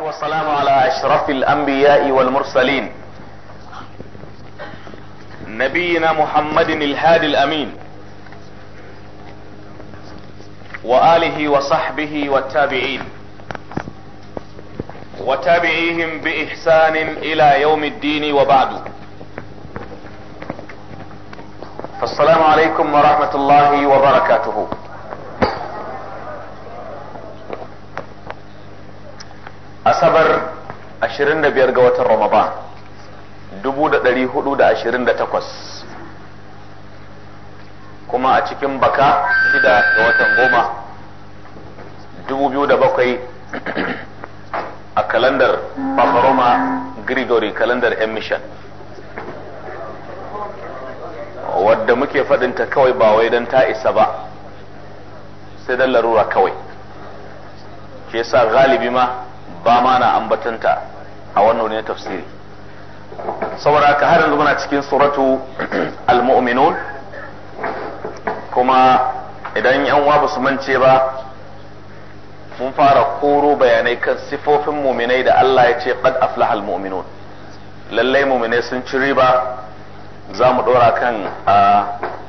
والسلام على اشرف الانبياء والمرسلين نبينا محمد الهادي الامين واله وصحبه والتابعين وتابعيهم باحسان الى يوم الدين وبعد فالسلام عليكم ورحمه الله وبركاته asabar 25 ga watan ramadan 1428 kuma a cikin baka 6 ga watan goma 2007 a kalandar Bafaroma gregory kalandar emission wadda muke faɗinta kawai ba wai don ta isa ba sai don larura kawai ke sa galibi ma ba ma na ambatanta a wannan ne tafsiri saboda ka har yanzu muna cikin suratu al-mu'minun kuma idan yan uwa basu su mance ba mun fara koro bayanai kan sifofin muminai da Allah ya ce qad aflaha al-mu'minun lallai muminai sun ci riba za mu dora kan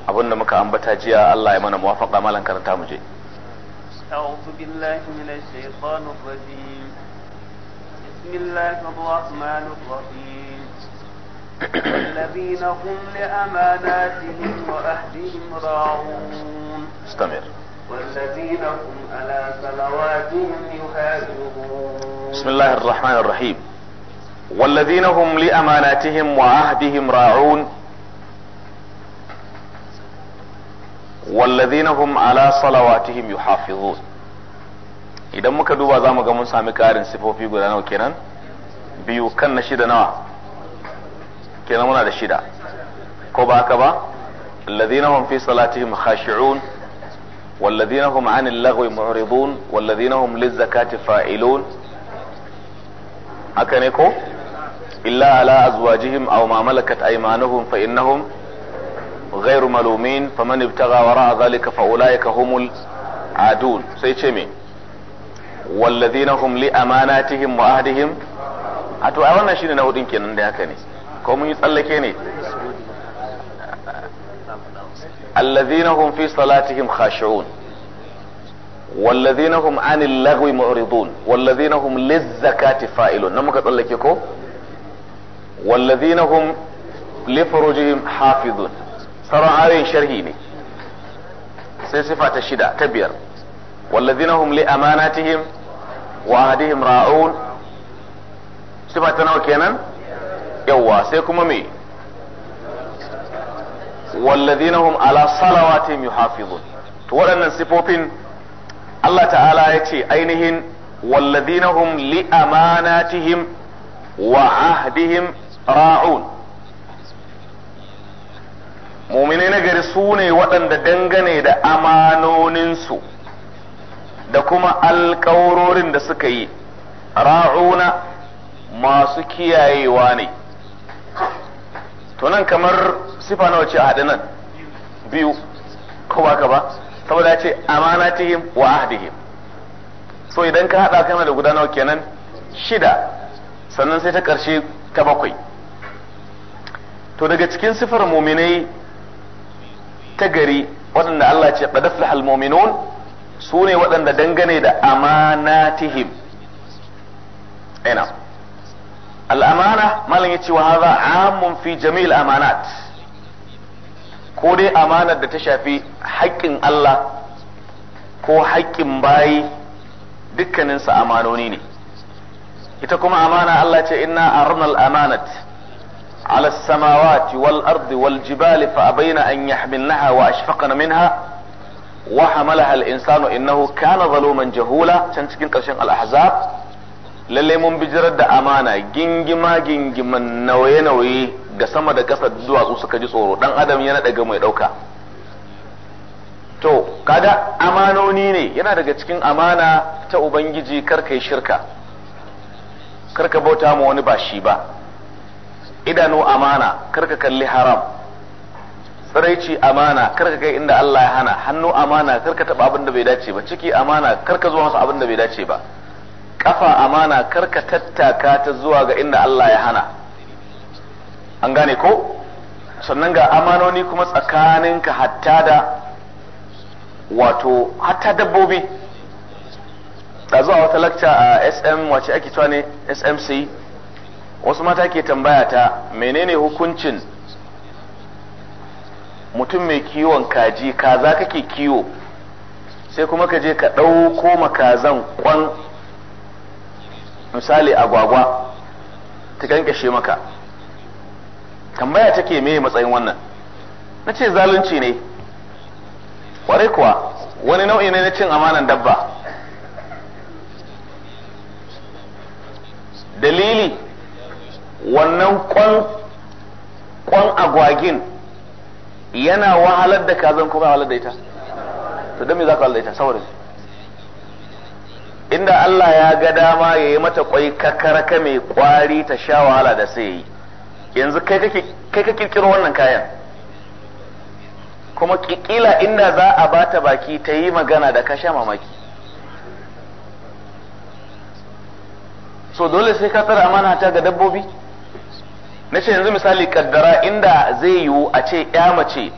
abin da muka ambata jiya Allah ya mana muwafaqa malan karanta mu je a'udhu billahi minash shaitanir الرجيم بسم الله الرحمن الرحيم والذين هم لأماناتهم وأهلهم راعون استمر والذين هم على صلواتهم يحافظون بسم الله الرحمن الرحيم والذين هم لأماناتهم وعهدهم راعون والذين هم على صلواتهم يحافظون idan muka duba za mu ga mun sami karin sifofi guda nawa kenan biyu kan na shida nawa kenan muna da shida ko ba haka ba alladhina hum fi salatihim khashi'un والذين هم عن اللغو معرضون والذين هم للزكاة فاعلون أكنكو إلا على أزواجهم أو ما ملكت أيمانهم فإنهم غير ملومين فمن ابتغى وراء ذلك فأولئك هم العادون سيتشمي walladhina hum li amanatihim wa a to a wannan shine na hudin kenan da haka ne ko mun yi ne alladhina hum fi salatihim khashi'un والذين هم عن اللغو معرضون والذين هم للزكاة فاعلون نمك تلكيكو والذين هم لفروجهم حافظون سرع عين شرهيني سي صفة الشدة كبير والذين هم لأماناتهم wa hadihim ra'un sifa ta nawa kenan yawa sai kuma me walladhina hum ala salawatihim yuhafizun to waɗannan sifofin Allah ta'ala ya ce ainihin walladhina hum li amanatihim wa ahdihim ra'un muminai na gari su ne waɗanda dangane da amanoninsu da kuma alƙawurorin da suka yi ra'una masu kiyayewa ne tunan kamar sifa nawa ce a nan biyu ko ba ka ba saboda ce tihim wa ahdihim so idan ka haɗa kana da guda nawa kenan shida sannan sai ta ƙarshe ta bakwai to daga cikin sifar muminai ta gari waɗanda Allah ce qad muminun su ne waɗanda dangane da amanatihim ina al'amana malam ce wa haza amun fi jami'il amanat ko dai amanar da ta shafi haƙƙin Allah ko haƙƙin bayi dukkaninsa amanoni ne ita kuma amana Allah ce ina a ranar amanat على السماوات والأرض والجبال فأبين أن يحملنها وأشفقن منها wa hamalaha al-insanu innahu kana zaluman jahula can cikin ƙarshen al-ahzab lalle mun bijirar da amana gingima gingiman nauye-nauye da sama da ƙasa duwatsu suka ji tsoro dan adam yana daga mai ɗauka to kada amanoni ne yana daga cikin amana ta ubangiji karka yi shirka karka bauta ma wani ba shi ba idanu amana karka kalli haram tsiraici amana kar ka kai inda Allah ya hana hannu amana kar ka taba abin da bai dace ba ciki amana kar ka zo masa abin da bai dace ba kafa amana karka tattaka ta zuwa ga inda Allah ya hana an gane ko sannan ga amanoni kuma tsakaninka hatta da wato hatta dabbobi da zuwa wata lakca a SM wace ake cewa ne SMC wasu mata ke tambaya ta menene hukuncin mutum mai kiwon kaji kaza kake kiwo sai kuma ka je ka ɗauko makazan kwan misali agwagwa ta kankashe maka tambaya take me matsayin wannan na ce zalunci ne kwarai kuwa wani nau'i ne na cin amanan dabba dalili wannan kwan agwagin yana wahalar da kazan kuma wahalar da ita to don me za ka wahalar da ita saboda inda Allah ya ga dama yayi mata kwai kakaraka mai kwari ta sha wahala da sai yi yanzu kai ka kirkiro wannan kayan kuma kikila inda za a bata baki ta yi magana da ka sha mamaki so dole sai ka tsara amana ta ga dabbobi na ce yanzu misali kaddara inda zai yiwu a ce ya mace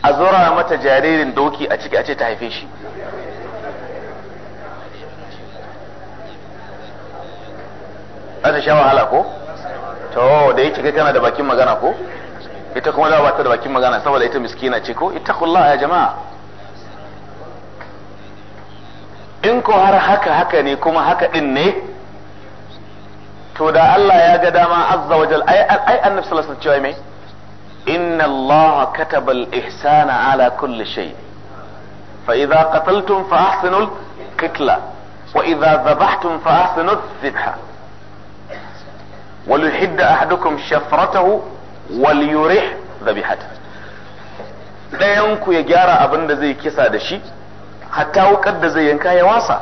a zura mata jaririn doki a ciki a ce ta haife shi za ta sha wahala ko to da yake kai kana da bakin magana ko ita kuma za ba ta da bakin magana saboda ita miskina ce ko ittaqullaha ya jama'a in ko har haka haka ne kuma haka din ne to da Allah ya ga dama azza wajal ai ai annabi sallallahu alaihi cewa mai inna Allah kataba al-ihsana ala kulli shay fa idza qataltum fa ahsinu al-qitla wa idza dhabhtum fa ahsinu al-dhabha وليحد أحدكم شفرته ɗayanku ya gyara abin da zai kisa da shi hatta wukar da zai yanka ya wasa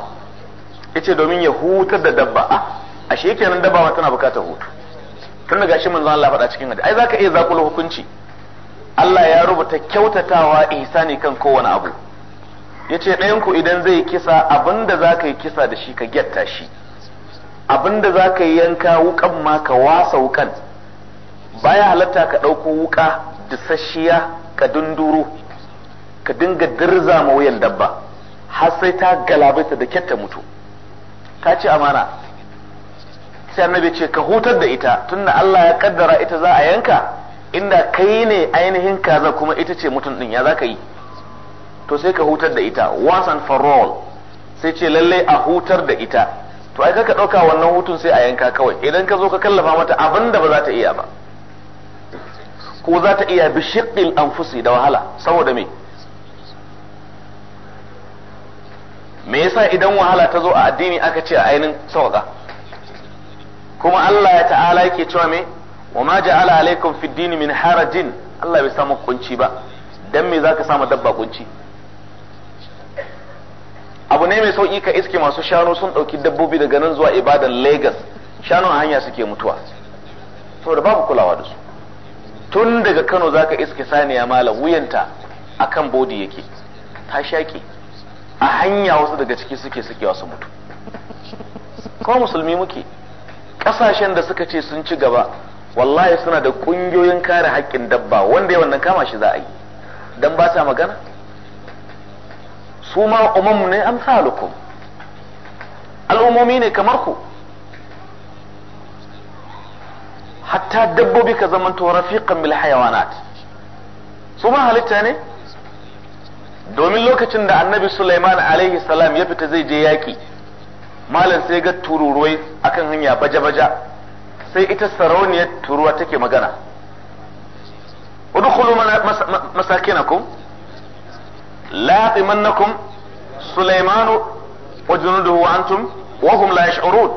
yace domin ya hutar da dabba ashe kenan dabawa tana bukatar hutu tun daga shi manzo Allah faɗa cikin hadisi ai zaka iya zakul hukunci Allah ya rubuta kyautatawa ihsani kan kowane abu yace ɗayan ku idan zai kisa abinda zaka yi kisa da shi ka gyatta shi abinda zaka yi yanka wukan ma ka wasa wukan baya halatta ka ɗauko wuka dusasshiya ka dunduro ka dinga dirza ma wuyan dabba har sai ta galabaita da kyatta mutu ta ce amana sai annabi ce ka hutar da ita tunda Allah ya kaddara ita za a yanka inda kai ne ainihin kaza kuma ita ce mutum din ya za ka yi to sai ka hutar da ita once and for all sai ce lalle a hutar da ita to ai ka ɗauka wannan hutun sai a yanka kawai idan ka zo ka kallafa mata abin da ba za ta iya ba ko za ta iya bishiqil anfusi da wahala saboda me me yasa idan wahala ta zo a addini aka ce a ainihin sawaka kuma Allah ya ta'ala yake cewa me wa ma ja'ala alaikum fid din min harajin Allah bai samu kunci ba dan me zaka samu dabba kunci abu ne mai sauki ka iske masu shanu sun dauki dabbobi daga nan zuwa ibadan Lagos a hanya suke mutuwa da babu kulawa da su tun daga Kano zaka iske saniya malam wuyanta akan bodi yake ta shaki a hanya wasu daga ciki suke suke wasu mutu kuma musulmi muke kasashen da suka ce sun ci gaba wallahi suna da kungiyoyin kare haƙƙin dabba wanda ya wannan kama shi za a yi dan ba sa magana su ma umam ne amsalukum al'umomi ne kamar ku hatta dabbobi ka zamanto rafiqan bil hayawanat su ma halitta ne domin lokacin da annabi Sulaiman alaihi salam ya fita zai je yaƙi malam sai ga tururuwai akan hanya baja-baja sai ita sarauniyar turuwa take magana udkhulu masakinakum laqimannakum sulaimanu wa junuduhu wa antum wa hum la yash'urun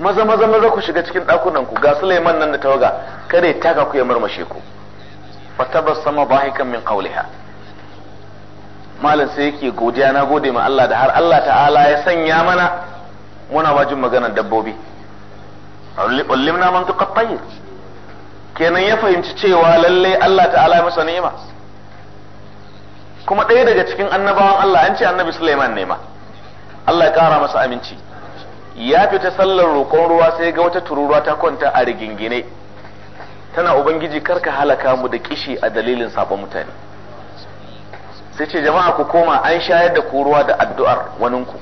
maza maza maza ku shiga cikin dakunan ku ga Sulaiman nan da tawaga kada ya taka ku ya murmushe ku fatabassama dahikan min qawliha malam sai yake godiya na gode ma Allah da har Allah ta'ala ya sanya mana muna ma jin maganar dabbobi ulimna man tuqattayr kenan ya fahimci cewa lalle Allah ta'ala ya masa ni'ima kuma ɗaya daga cikin annabawan Allah an ce annabi Sulaiman ne ma Allah ya kara masa aminci ya fita sallar roƙon ruwa sai ga wata tururuwa ta kwanta a rigingine tana ubangiji karka halaka mu da kishi a dalilin sabon mutane sai ce jama'a ku koma an shayar da ku ruwa da addu'ar waninku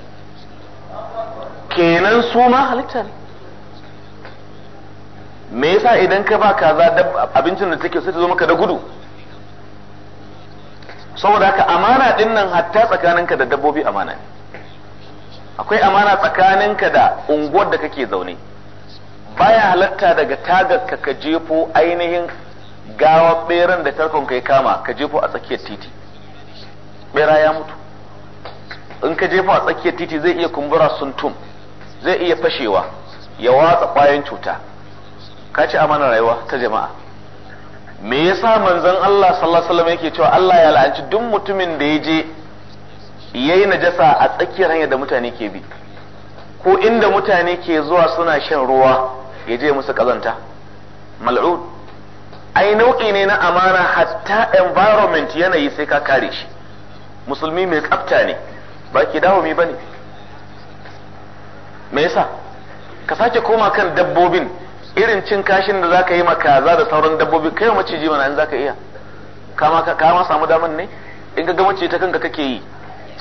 kenan su ma halitta ne me yasa idan ka ba kaza abincin da take sai ta zo maka da gudu saboda ka amana din nan hatta tsakaninka da dabbobi amana ne akwai amana tsakaninka da unguwar da kake zaune baya halatta daga tagar ka ka jefo ainihin gawa beran da tarkon kai kama ka jefo a tsakiyar titi bera ya mutu in ka jefo a tsakiyar titi zai iya kumbura suntum zai iya fashewa ya watsa kwayan cuta ka ci amana rayuwa ta jama'a me yasa manzon Allah sallallahu alaihi wasallam yake cewa Allah ya la'anci duk mutumin da ya je yayi najasa a tsakiyar hanyar da mutane ke bi ko inda mutane ke zuwa suna shan ruwa ya je musu kazanta mal'ud ai nau'i ne na amana hatta environment yanayi sai ka kare shi musulmi mai tsafta ne ba ki dawo mi bane me yasa ka sake koma kan dabbobin irin cin kashin da zaka yi ma kaza da sauran dabbobi kai maciji mana in zaka iya kama ka ma samu daman ne in ka ga mace ta kanka kake yi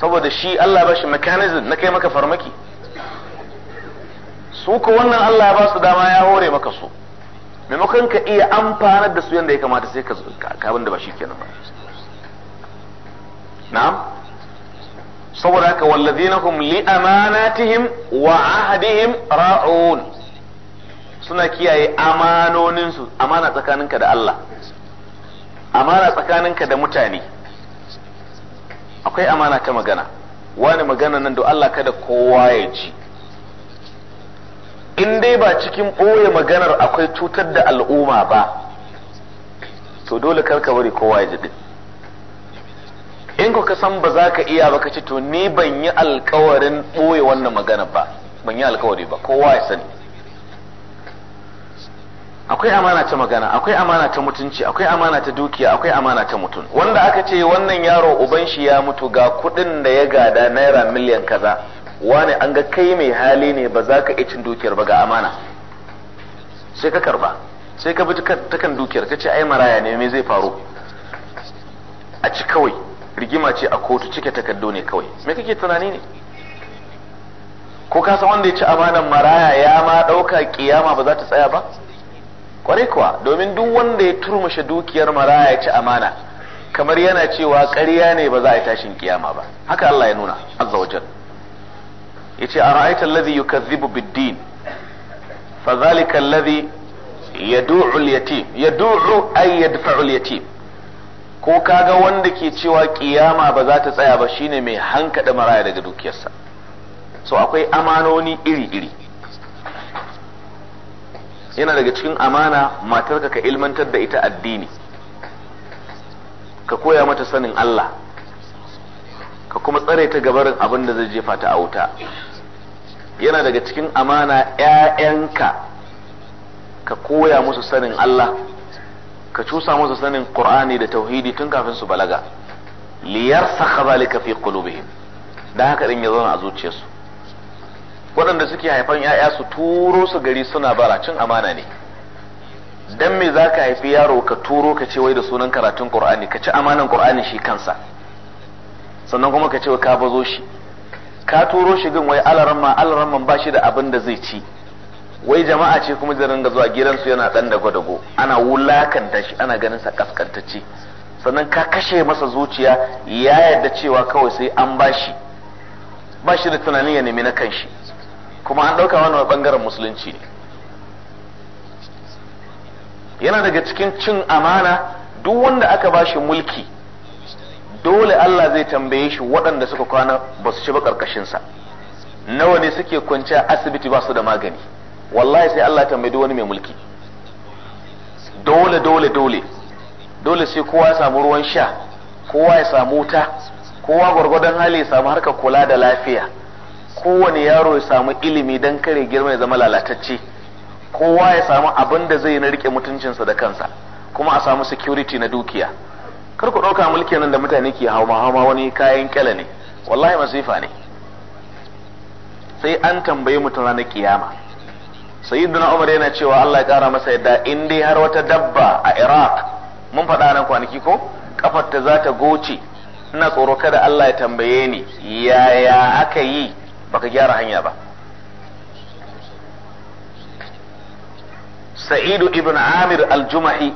saboda shi Allah ba shi mechanism na kai maka farmaki su ko wannan Allah ba su dama ya hore maka su maimakon ka iya amfanar da su yadda ya kamata sai ka ka da ba shi kenan ba na'am saboda haka wallazina hum li amanatihim wa ahdihim ra'un suna kiyaye amanoninsu amana tsakaninka da Allah amana tsakaninka da mutane akwai amana ta magana wani magana nan da Allah kada kowa ya ji in dai ba cikin ɓoye maganar akwai cutar da al'umma ba to dole karka bari kowa ya ji din in ka san ba za ka iya ba ka ce to ni ban yi alkawarin ɓoye wannan magana ba ban yi alkawari ba kowa ya sani akwai amana ta magana akwai amana ta mutunci akwai amana ta dukiya akwai amana ta mutum wanda aka ce wannan yaro uban shi ya mutu ga kuɗin da ya gada naira miliyan kaza wani an ga kai mai hali ne ba za ka iya cin dukiyar ba ga amana sai ka karba sai ka bi ta kan dukiyar ka ce ai maraya ne me zai faru a ci kawai rigima ce a kotu cike takardu ne kawai me kake tunani ne ko ka san wanda ya ci amanan maraya ya ma dauka kiyama ba za ta tsaya ba kwarai kuwa domin duk wanda ya turmushe dukiyar maraya ya ci amana kamar yana cewa ƙarya ne ba za a yi tashin kiyama ba haka Allah ya nuna azza wajal yace ara'aita alladhi yukazzibu bid-din fa zalika alladhi yad'u al-yatim yad'u ay yadfa'u al-yatim ko kaga wanda ke cewa kiyama ba za ta tsaya ba shine mai hankada maraya daga dukiyarsa so akwai amanoni iri-iri yana daga cikin amana matarka ka ilmantar da ita addini ka koya mata sanin Allah ka kuma tsare ta gabarin abin da zai jefa ta a yana daga cikin amana ‘ya'yanka ka koya musu sanin Allah ka cusa musu sanin qur'ani da tauhidi tun kafin su balaga liyarsakha zalika fi qulubihim dan haka din ya zauna a zuciyarsu waɗanda suke haifan ‘ya'ya su turo su gari suna bara cin amana ne dan me zaka haifi yaro ka turo ka ce wai da sunan karatun qur'ani ka ci amanan qur'ani shi kansa sannan kuma ka ce ka bazo shi ka turo shi gin wai alaramma alaramman ba shi da abin da zai ci wai jama'a ce kuma zai ringa zuwa gidansu yana dan dago dago ana wulakanta shi ana ganin sa kaskantacce sannan ka kashe masa zuciya ya yarda cewa kawai sai an bashi ba shi da tunanin ya nemi na kanshi kuma an ɗauka wannan bangaren musulunci ne yana daga cikin cin amana duk wanda aka bashi mulki dole Allah zai tambaye shi waɗanda suka kwana ba su ci ba ƙarƙashinsa nawa ne suke kwanciya asibiti ba su da magani wallahi sai Allah tambayi duk wani mai mulki dole dole dole dole sai kowa ya samu ruwan sha kowa ya samu wuta kowa gwargwadon hali ya samu harka kula da lafiya kowane yaro ya samu ilimi don kare girma ya zama lalatacce kowa ya samu abin da zai na rike mutuncinsa da kansa kuma a samu security na dukiya kar ku ɗauka mulki nan da mutane ke hauma hama wani kayan kyala ne wallahi masifa ne sai an tambayi mutum ranar kiyama sayyiduna umar yana cewa Allah ya kara masa yadda in dai har wata dabba a iraq mun faɗa nan kwanaki ko kafar ta za ta goce ina tsoro kada Allah ya tambaye ni yaya aka yi baka gyara hanya ba sa'idu ibn amir al-jumahi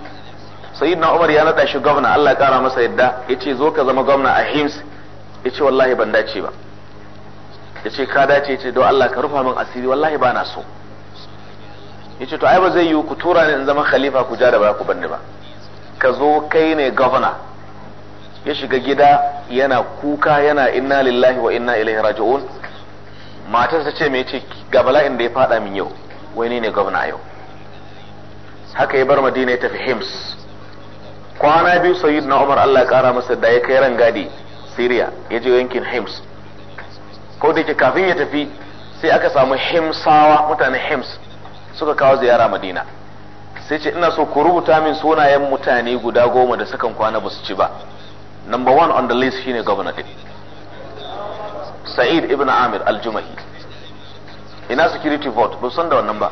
sayyidina umar ya naɗa shi gwamna Allah ya kara masa yadda yace zo ka zama gwamna a hims yace wallahi ban dace ba yace ka dace yace don Allah ka rufa min asiri wallahi ba na so yace to ai ba zai yi ku tura ni in zama khalifa ku ja da baya ku banni ba ka zo kai ne governor ya shiga gida yana kuka yana inna lillahi wa inna ilaihi raji'un matar ta ce me yace ga bala'in da ya fada min yau wai ni ne gwamna yau haka ya bar madina ya tafi hims kwana biyu sayyid na umar allah ya kara masa da ya kai rangadi syria ya je yankin hims ko da yake kafin ya tafi sai aka samu himsawa mutanen hims suka kawo ziyara madina sai ce ina so ku rubuta min sunayen mutane guda goma da sukan kwana ba su ci ba number one on the list shine governor din sa'id ibn amir al-jumahi ina security vote ba san da wannan ba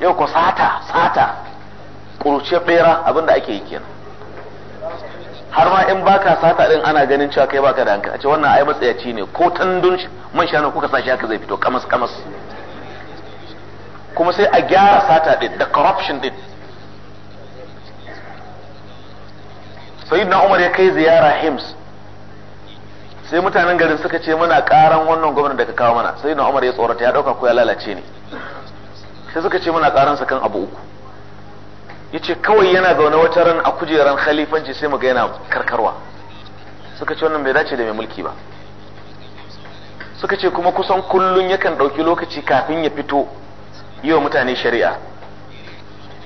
yau ko sata sata kurce bera abinda ake yi kenan har ma in baka sata din ana ganin cewa kai baka da hankali a ce wannan ai matsayaci ne ko tandun man shanu kuka sashi haka zai fito kamas kamas kuma sai a gyara sata din da corruption din na umar ya kai ziyara hims sai mutanen garin suka ce muna karan wannan gwamnan da ka kawo mana na umar ya tsorata ya dauka ko ya lalace ne sai suka ce muna karan sa kan abu uku yace kawai yana zaune wata ran a kujeran khalifanci sai muga yana karkarwa suka ce wannan bai dace da mai mulki ba suka ce kuma kusan kullun yakan dauki lokaci kafin ya fito yi wa mutane shari'a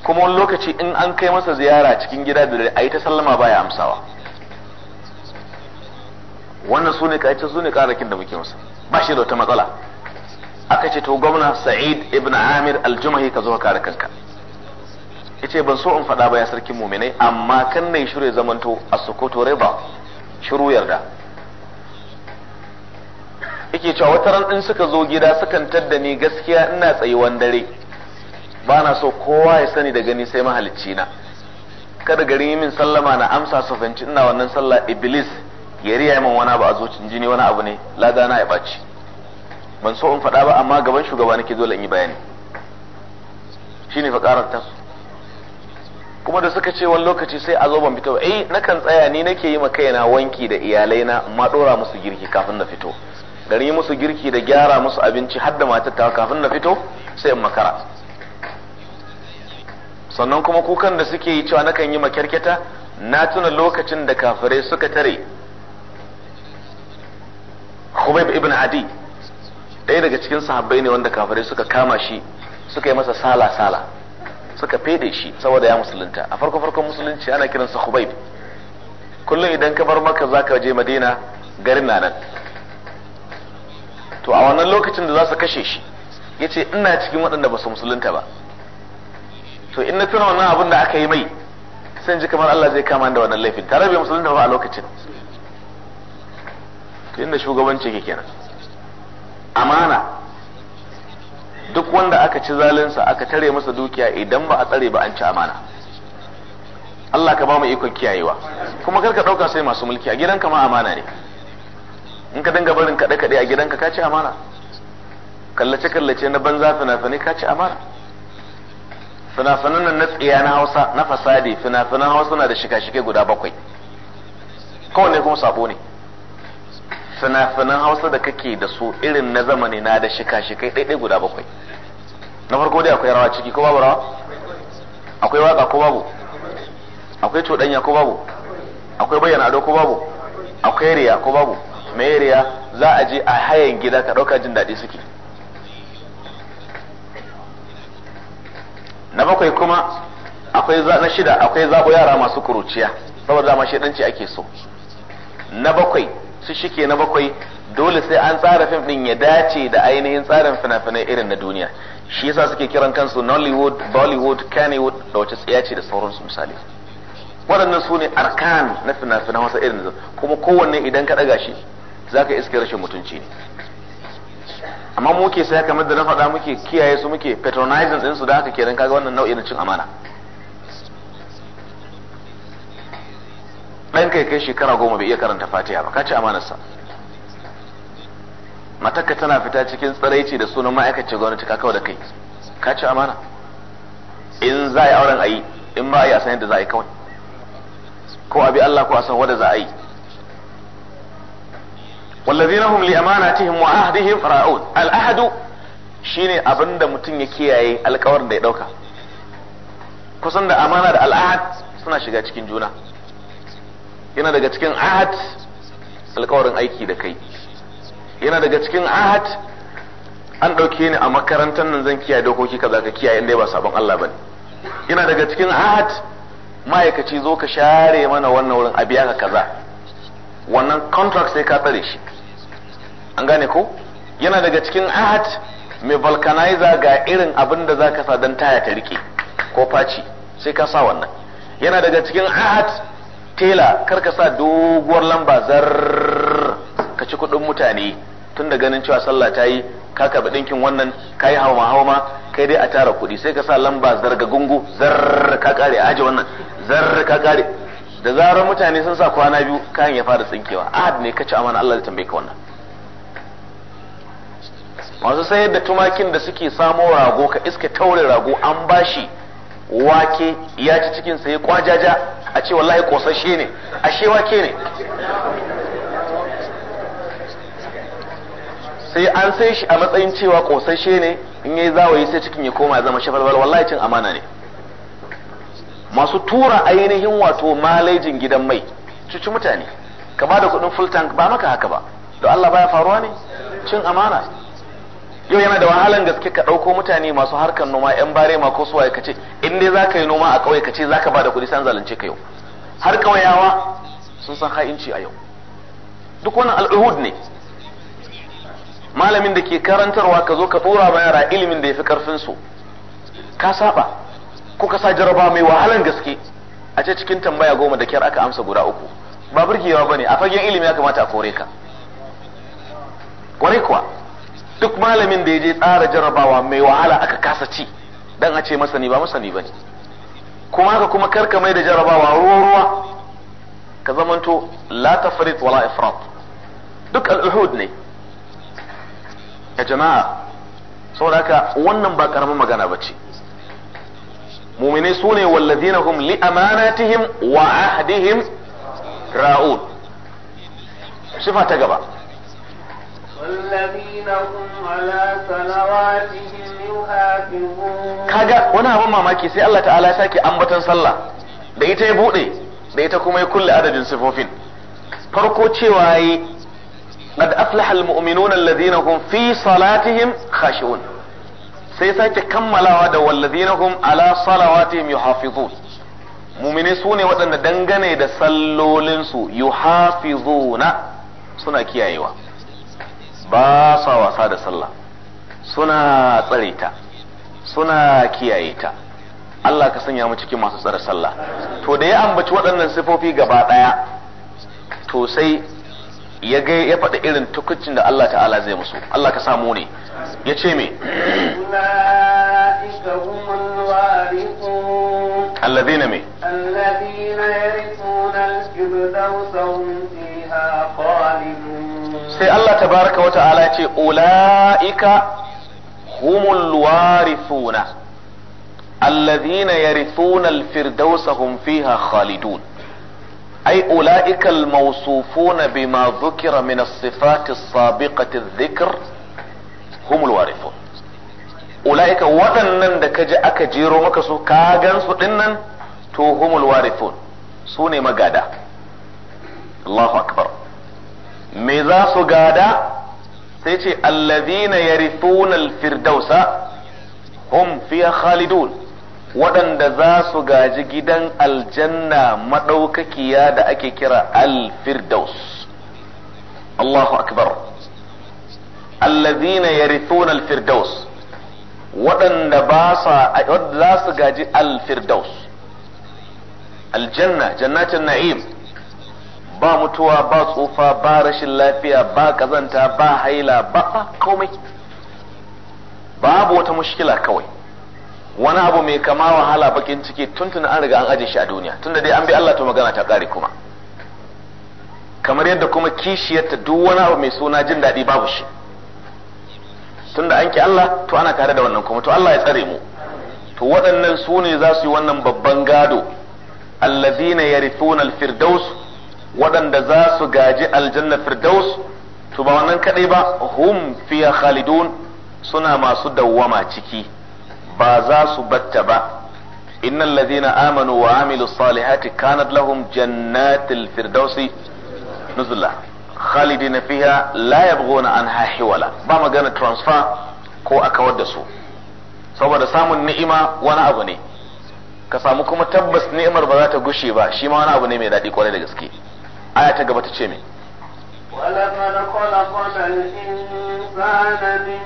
kuma wani lokaci in an kai masa ziyara cikin gida da a yi ta sallama baya amsawa wannan su ne kace su ne karakin da muke masa ba shi da wata matsala aka ce to gwamna sa'id ibn amir aljumahi ka zo ka kare kanka yace ban so in faɗa ba ya sarkin muminai amma kan ne shiru ya zamanto a sokoto riba shiru yarda yake cewa wata ran in suka zo gida sukan tadda ni gaskiya ina tsayuwan dare ba na so kowa ya sani da gani sai mahalicci na kada garin yi min sallama na amsa su fahimci ina wannan sallah iblis ya riya min wani abu a zucin jini wani abu ne lada na ya baci ban so in faɗa ba amma gaban shugaba nake dole in yi bayani shine fa karar ta kuma da suka ce wani lokaci sai a zo ban fito eh nakan tsaya ni nake yi ma kaina wanki da iyalaina amma dora musu girki kafin na fito gari musu girki da gyara musu abinci har da matar ta kafin na fito sai in makara sannan kuma kukan da suke yi cewa nakan yi makyarketa na tuna lokacin da kafirai suka tare Hubayb ibn Hadi ɗaya daga cikin sahabbai ne wanda kafirai suka kama shi suka yi masa sala sala suka fede shi saboda ya musulunta a farko farkon musulunci ana kiransa Hubayb kullum idan ka bar maka zaka je Madina garin na nan to a wannan lokacin da za su kashe shi ya ce ina cikin waɗanda ba su musulunta ba to in na tuna wannan abin da aka yi mai sai ji kamar Allah zai kama da wannan laifin tare bai musulunta ba a lokacin to inda shugabanci ke kenan amana duk wanda aka ci zalinsa aka tare masa dukiya idan ba a tsare ba an ci amana Allah ka ba mu ikon kiyayewa kuma kar ka ɗauka sai masu mulki a gidanka ma amana ne in ka dinga barin kaɗe kaɗe a gidanka ka ci amana kallace kallace na banza fina-finai ka ci amana fina-finan nan na tsiya na hausa na fasadi fina-finan hausa na da shika-shike guda bakwai kowane kuma sabo ne fina-finan hausa da kake da su irin na zamani na da shika-shikai ɗaiɗai guda bakwai na farko dai akwai rawa ciki ko babu rawa akwai waka ko babu akwai cuɗanya ko babu akwai bayyana ado ko babu akwai riya ko babu mai za a je a hayan gida ka ɗauka jin daɗi suke na bakwai kuma akwai na shida akwai zaɓo yara masu kuruciya saboda dama shaidanci ake so na bakwai su shike na bakwai dole sai an tsara fim ɗin ya dace da ainihin tsarin fina-finai irin na duniya shi yasa suke kiran kansu nollywood bollywood kennywood da wace tsaya ce da sauransu misali waɗannan su ne arkan na fina-finan wasu irin kuma kowanne idan ka ɗaga shi zaka iske rashin mutunci ne amma muke sai kamar da na faɗa muke kiyaye su muke patronizing din su da haka kenan kaga wannan nau'i na cin amana ɗan kai kai shekara goma bai iya karanta fatiha ba ka ci amanarsa matakka tana fita cikin tsiraici da sunan ma'aikacin gwamnati ka kawai da kai ka ci amana in za a yi auren a yi in ba a yi a san yadda za a yi kawai ko a bi Allah ko a san wanda za a yi wallazina hum li amanatihim wa ahdihim ra'un al ahdu shine abinda mutum ya kiyaye alƙawarin da ya dauka kusan da amana da al ahad suna shiga cikin juna yana daga cikin ahad alƙawarin aiki da kai yana daga cikin ahad an ɗauke ni a makarantar nan zan kiyaye dokoki kaza ka kiyaye inda ba sabon Allah bane yana daga cikin ahad ma'aikaci zo ka share mana wannan wurin a biya ka kaza wannan contract sai ka tsare shi an gane ko yana daga cikin ahad mai vulcanizer ga irin abin da za ka sa don taya ta rike ko faci sai ka sa wannan yana daga cikin ahad tela kar ka sa doguwar lamba zar ka ci kudin mutane tun da ganin cewa sallah ta yi ka karɓi ɗinkin wannan ka yi hauma hauma kai dai a tara kuɗi sai ka sa lamba zarga gungu zar ka kare aje wannan zar ka kare da zarar mutane sun sa kwana biyu kayan ya fara tsinkewa ahad ne kace amana Allah zai tambaye ka wannan masu sayar da tumakin da suke samo rago ka iska taure rago an bashi wake ya ci cikin sai kwajaja a ce wallahi kosashe ne ashe wake ne sai an sai shi a matsayin cewa kosashe ne in yayi zawayi sai cikin ya koma ya zama shafalbal wallahi cin amana ne masu tura ainihin wato malejin gidan mai cuci mutane ka ba da kuɗin full tank ba maka haka ba to Allah baya faruwa ne cin amana yau yana da wahalan gaske ka ɗauko mutane masu harkar noma yan bare ma ko suwaye kace in dai za yi noma a kauye kace zaka za ka ba da kuɗi san zalunce ka yau har ƙauyawa sun san ha'inci a yau duk wannan al'uhud ne malamin da ke karantarwa ka zo ka ɗora ma yara ilimin da ya fi karfin su ka saba kuka sa jaraba mai wahalan gaske a ce cikin tambaya goma da kyar aka amsa guda uku ba burgewa bane a fagen ilimi ya kamata a kore ka kwarai kuwa duk malamin da ya je tsara jarabawa mai wahala aka kasa ci dan a ce masani ba masani bane kuma ka kuma karka mai da jarabawa ruwa ruwa ka zamanto la tafrit wala ifrat duk al'uhud ne ya jama'a saboda haka wannan ba karamin magana ba mu'minai sune wallazina hum li amanatihim wa ahdihim ra'un sifa ta gaba kaga wani abin mamaki sai Allah ta'ala ya sake ambaton sallah da ita ya bude da ita kuma ya kulle adadin sifofin farko cewa yi qad aflaha almu'minuna alladhina hum fi salatihim khashi'un sai sake kammalawa da wallazinahum ala salawatihim yuhafizun mumine su ne waɗanda dangane da sallolinsu yuhafizuna suna kiyayewa ba sa wasa da sallah suna tsare ta suna kiyaye ta Allah ka sanya mu cikin masu tsare sallah to da ya ambaci waɗannan sifofi gaba ɗaya to sai ya ga ya faɗi irin tukuncin da Allah ta'ala zai musu Allah ka samu ne ya ce me allazina me sai Allah tabaraka wa ta'ala ce ulaika humul warithuna allazina yarithuna al-firdausa hum fiha khalidun ai ula'ikal mawsufuna bima dhukira min as-sifati as-sabiqati adh-dhikr humul warithun waɗannan da kaji aka jero maka su ka gansu ɗinnan, to humul warithun su ne magada Allahu akbar me za su gada sai ce allazina yarithuna al-firdausa hum fiha khalidun waɗanda za su gaji gidan aljanna maɗaukakiya da ake kira alfirdaus Allahu akbar allazina yarithuna alfirdaus waɗanda ba sa za su gaji alfirdaus aljanna jannatin na'im ba mutuwa ba tsufa ba rashin lafiya ba kazanta ba haila ba komai babu wata mushkila kawai wani abu mai kama wahala bakin ciki tuntun an riga an aje shi a duniya tunda dai an bi Allah to magana ta kare kuma kamar yadda kuma kishiyarta duk wani abu mai suna jin daɗi babu shi tunda an ki Allah to ana tare da wannan kuma to Allah ya tsare mu to waɗannan su ne za su yi wannan babban gado allazina yarithuna alfirdaus waɗanda za su gaji aljanna firdaus to ba wannan kadai ba hum fiya khalidun suna masu dawwama ciki ba za su batta ba inna ladhina amanu wa amilu salihati kanat lahum jannatil firdausi nuzula khalidina fiha la yabghuna anha hiwala ba magana transfer ko a kawar da su saboda samun ni'ima wani abu ne ka samu kuma tabbas ni'imar ba za ta gushe ba shi ma wani abu ne mai daɗi kwarai da gaske aya ta gaba ta ce me ولقد خلقنا الإنسان من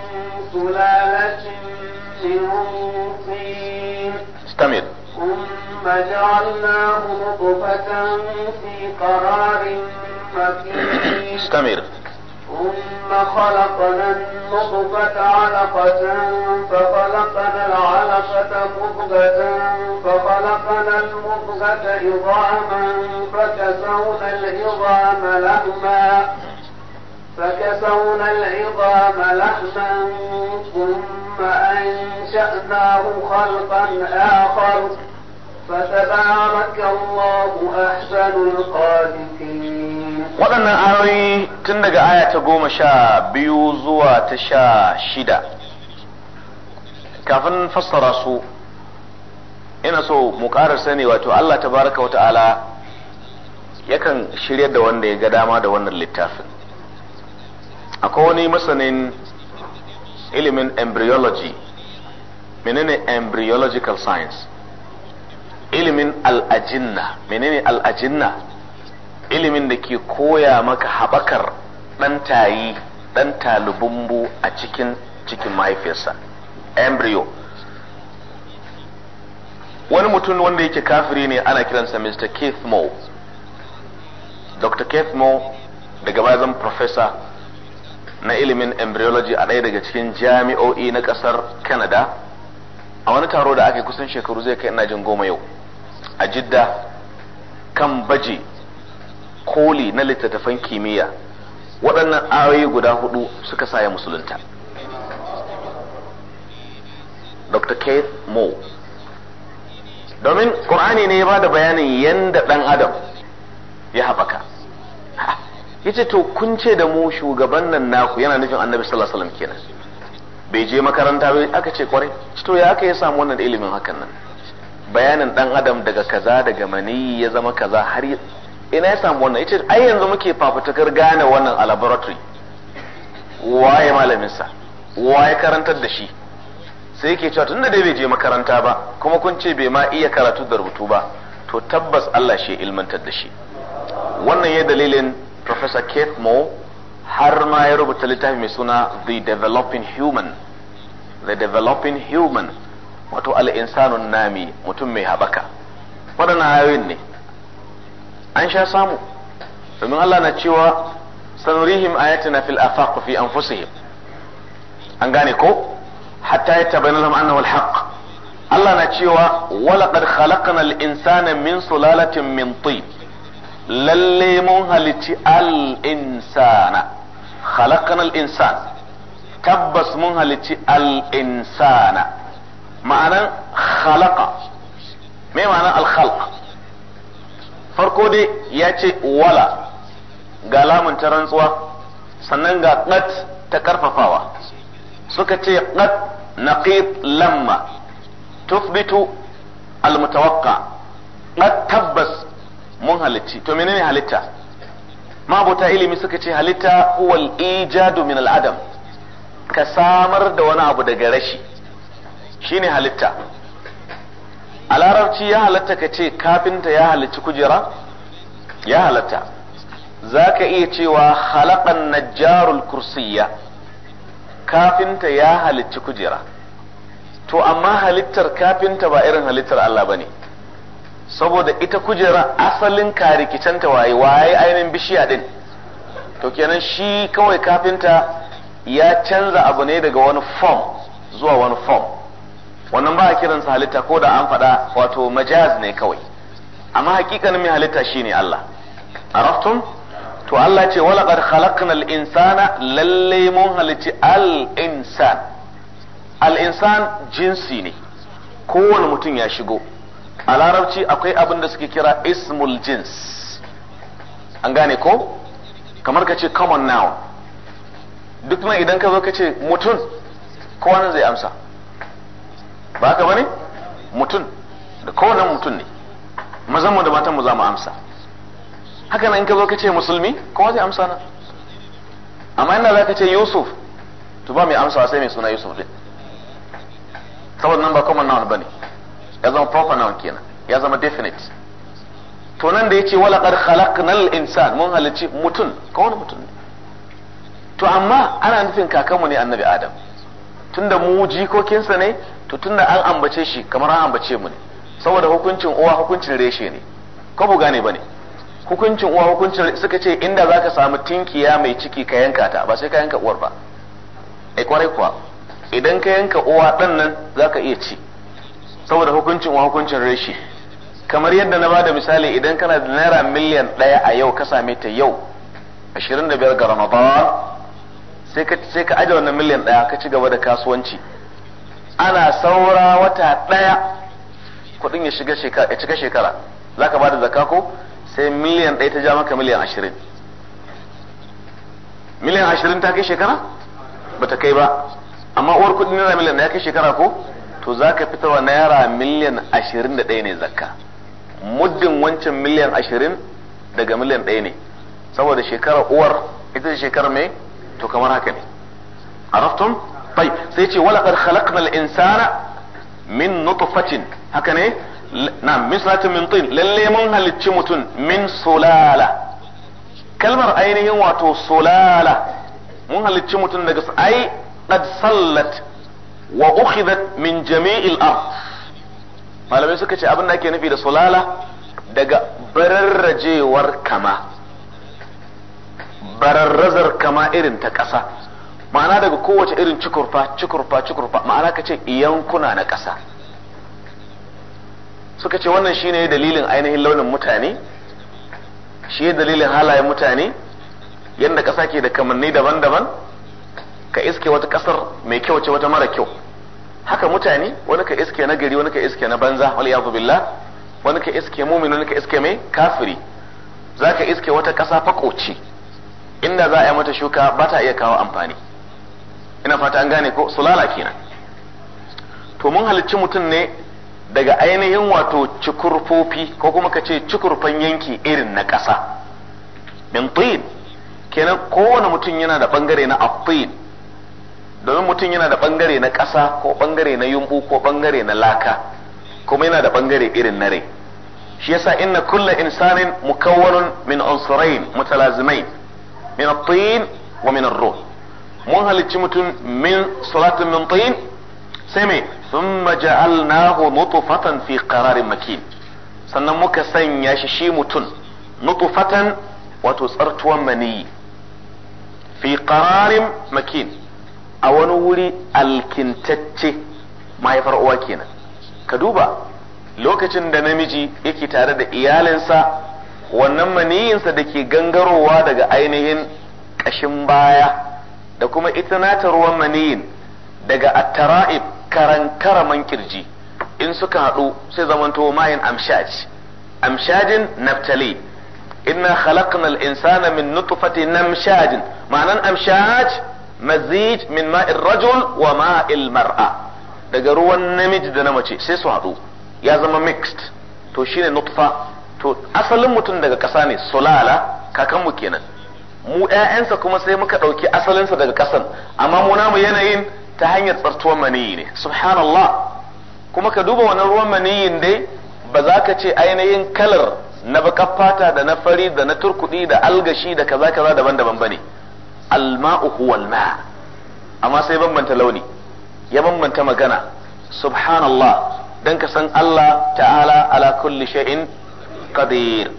سلالة استمر ثم جعلناه نطفة في قرار مكين استمر ثم خلقنا النطفة علقة فخلقنا العلقة مضغة فخلقنا المضغة عظاما فكسونا العظام لهما فكسونا العظام لحما ثم أنشأناه خلقا آخر waɗannan ayoyi tun daga aya ta goma sha biyu zuwa ta sha shida kafin fassara su ina so mu ƙara sani wato Allah ta baraka wa ta'ala yakan shiryar da wanda ya ga dama da wannan littafin akwai wani masanin ilimin embryology menene embryological science ilimin al'ajinna menene al'ajinna ilimin da ke koya maka haɓakar ɗan tayi ɗan talibumbu a cikin cikin mahaifiyarsa embryo wani mutum wanda yake kafiri ne ana kiransa mr keith moore dr keith moore daga bazan profesa. na ilimin embryology a ɗaya daga cikin jami'o'i na ƙasar canada a wani taro da aka kusan shekaru zai kai ina jin goma yau a jidda kan baje koli na littattafan kimiyya waɗannan ayoyi guda hudu suka saya musulunta dr keith moore domin ƙur'ani ne ya ba da bayanin yadda ɗan adam ya haɓaka yace to kun ce da mu shugaban nan naku yana nufin annabi sallallahu alaihi wasallam kenan bai je makaranta ba aka ce kwarai to ya aka ya samu wannan ilimin hakan nan bayanin dan adam daga kaza daga mani ya zama kaza har ina ya samu wannan yace ai yanzu muke fafutukar gane wannan a laboratory waye malamin sa waye karantar da shi sai yake cewa tunda dai bai je makaranta ba kuma kun ce bai ma iya karatu da rubutu ba to tabbas Allah shi ilmantar da shi wannan ya dalilin Professor Keith Moore har ma ya rubuta littafi mai suna The Developing Human The Developing Human wato al'insanun nami mutum mai haɓaka waɗannan ayoyin ne an sha samu domin Allah na cewa sanurihim ayatina fil afaq fi anfusihim an gane ko hatta yatabayyana lam annahu al-haq Allah na cewa walaqad khalaqna al-insana min sulalatin min tin lalle mun halici al-insana al'insan tabbas mun halici al-insana ma'anan khalaqa me ma'anan al-khalq farko dai ya ce wala ga lamun ta rantsuwa sannan ga qat ta karfafawa suka ce qat naqit lamma tufbitu al-mutawaqqa qat tabbas mun halicci to menene halitta mabuta ilimi suka ce halitta huwal ijadu min al'adam ka samar da wani abu daga rashi shine halitta a larabci ya halatta ka ce kafinta ya halicci kujera ya halatta za iya cewa halakan najjarul kursiyya kafinta ya halicci kujera to amma halittar kafinta ba irin halittar Allah ba ne saboda ita kujerar asalin karikicanta waye waye ainihin bishiya din to kenan shi kawai kafinta ya canza abu ne daga wani form zuwa wani form wannan ba a kiransa halitta ko da an faɗa wato majaz ne kawai amma hakikanin mai halitta shine Allah araftum to Allah ce wala qad khalaqnal insana lalle mun halitti al insan al insan jinsi ne kowane mutum ya shigo a larabci akwai abin da suke kira ismul jins an gane ko kamar ka ce common noun duk nan idan ka zo ka ce mutum kowane zai amsa ba ka bane mutum da kowane mutum ne mazan mu da matan mu za mu amsa haka nan in ka zo ka ce musulmi kowa zai amsa nan amma ina za ka ce yusuf to ba mai amsa sai mai suna yusuf din saboda nan ba common noun bane ya zama proper noun kenan ya zama definite to nan da yace walaqad khalaqnal insan mun halici mutum ka wani mutum ne to amma ana nufin kakanmu ne annabi adam tunda mu jikokinsa ne to tunda an ambace shi kamar an ambace mu ne saboda hukuncin uwa hukuncin reshe ne ko bu gane bane hukuncin uwa hukuncin suka ce inda zaka samu tinkiya mai ciki ka yanka ta ba sai ka yanka uwar ba ai eh, kwarai kuwa idan ka yanka uwa dan nan zaka iya ci saboda hukuncin wa hukuncin reshi kamar yadda na bada misali idan kana da naira miliyan ɗaya a yau ka same ta yau 25 ga ramadan sai ka sai ka aje wannan miliyan ɗaya ka ci gaba da kasuwanci ana saura wata ɗaya kuɗin ya shiga shekara ya cika shekara zaka bada zakka ko sai miliyan ɗaya ta ja maka miliyan ashirin miliyan ashirin ta kai shekara bata kai ba amma uwar kuɗin naira miliyan ɗaya kai shekara ko to za ka fita wa naira miliyan ashirin da ɗaya ne zakka muddin wancan miliyan ashirin daga miliyan ɗaya ne saboda shekara uwar ita ce shekara mai to kamar haka ne arafton bai sai ce wala kar halaknal insana min nutfatin haka ne na min sulatin min tin lalle mun halicci mutum min sulala kalmar ainihin wato sulala mun halicci mutum daga ai qad sallat wa ukhidat min jami'il ard malamai suka ce abin da ake nufi da sulala daga bararrajewar kama bararrazar kama irin ta ƙasa ma'ana daga kowace irin cikurfa cikurfa cikurfa ma'ana ka ce yankuna na ƙasa suka ce wannan shine dalilin ainihin launin mutane shi dalilin halayen mutane yadda ƙasa ke da kamanni daban-daban ka iske wata kasar mai kyau ce wata mara kyau haka mutane wani ka iske na gari wani ka iske na banza wal yadu billah wani ka iske mumin wani ka iske mai kafiri zaka iske wata kasa fakoci inda za a yi mata shuka ba ta iya kawo amfani ina fata an gane ko sulala kenan to mun halicci mutum ne daga ainihin wato cikurfofi ko kuma ka ce cikurfan yanki irin na kasa min tin kenan kowane mutum yana da bangare na atin domin mutum yana da bangare na ƙasa ko bangare na yumbu ko bangare na laka kuma yana da bangare irin na rai shi yasa inna kulla insanin mukawwanun min unsurain mutalazimain min at-tin wa min ar-ruh mun halicci mutum min salatin min tin sai me thumma ja'alnahu nutfatan fi qararin makin sannan muka sanya shi shi mutum nutfatan wato tsartuwan maniyi fi qararin makin a wani wuri alkintacce mahaifar uwa kenan ka duba lokacin da namiji yake tare da iyalinsa wannan maniyinsa da ke gangarowa daga ainihin ƙashin baya da kuma ita nata ruwan maniyin daga attara'ib karan karaman kirji in suka haɗu sai zamanto mayin amshaj amshajin naftali inna khalaqnal insana min nutfatin namshajin ma'anan amshaj mazij min ma'ir rajul wa ma'il mar'a daga ruwan namiji da na mace sai su haɗu ya zama mixed to shine nutfa to asalin mutum daga ƙasa ne sulala kakanmu kenan mu ƴaƴansa kuma sai muka ɗauki asalinsa daga ƙasan amma mu namu yanayin ta hanyar tsartuwar maniyi ne subhanallah kuma ka duba wannan ruwan maniyin dai ba za ka ce ainihin kalar na baƙar fata da na fari da na turkuɗi da algashi da kaza kaza daban-daban ba alma'u huwal ma amma sai bambanta launi ya bambanta magana subhanallah dan ka san Allah ta'ala ala kulli shay'in qadir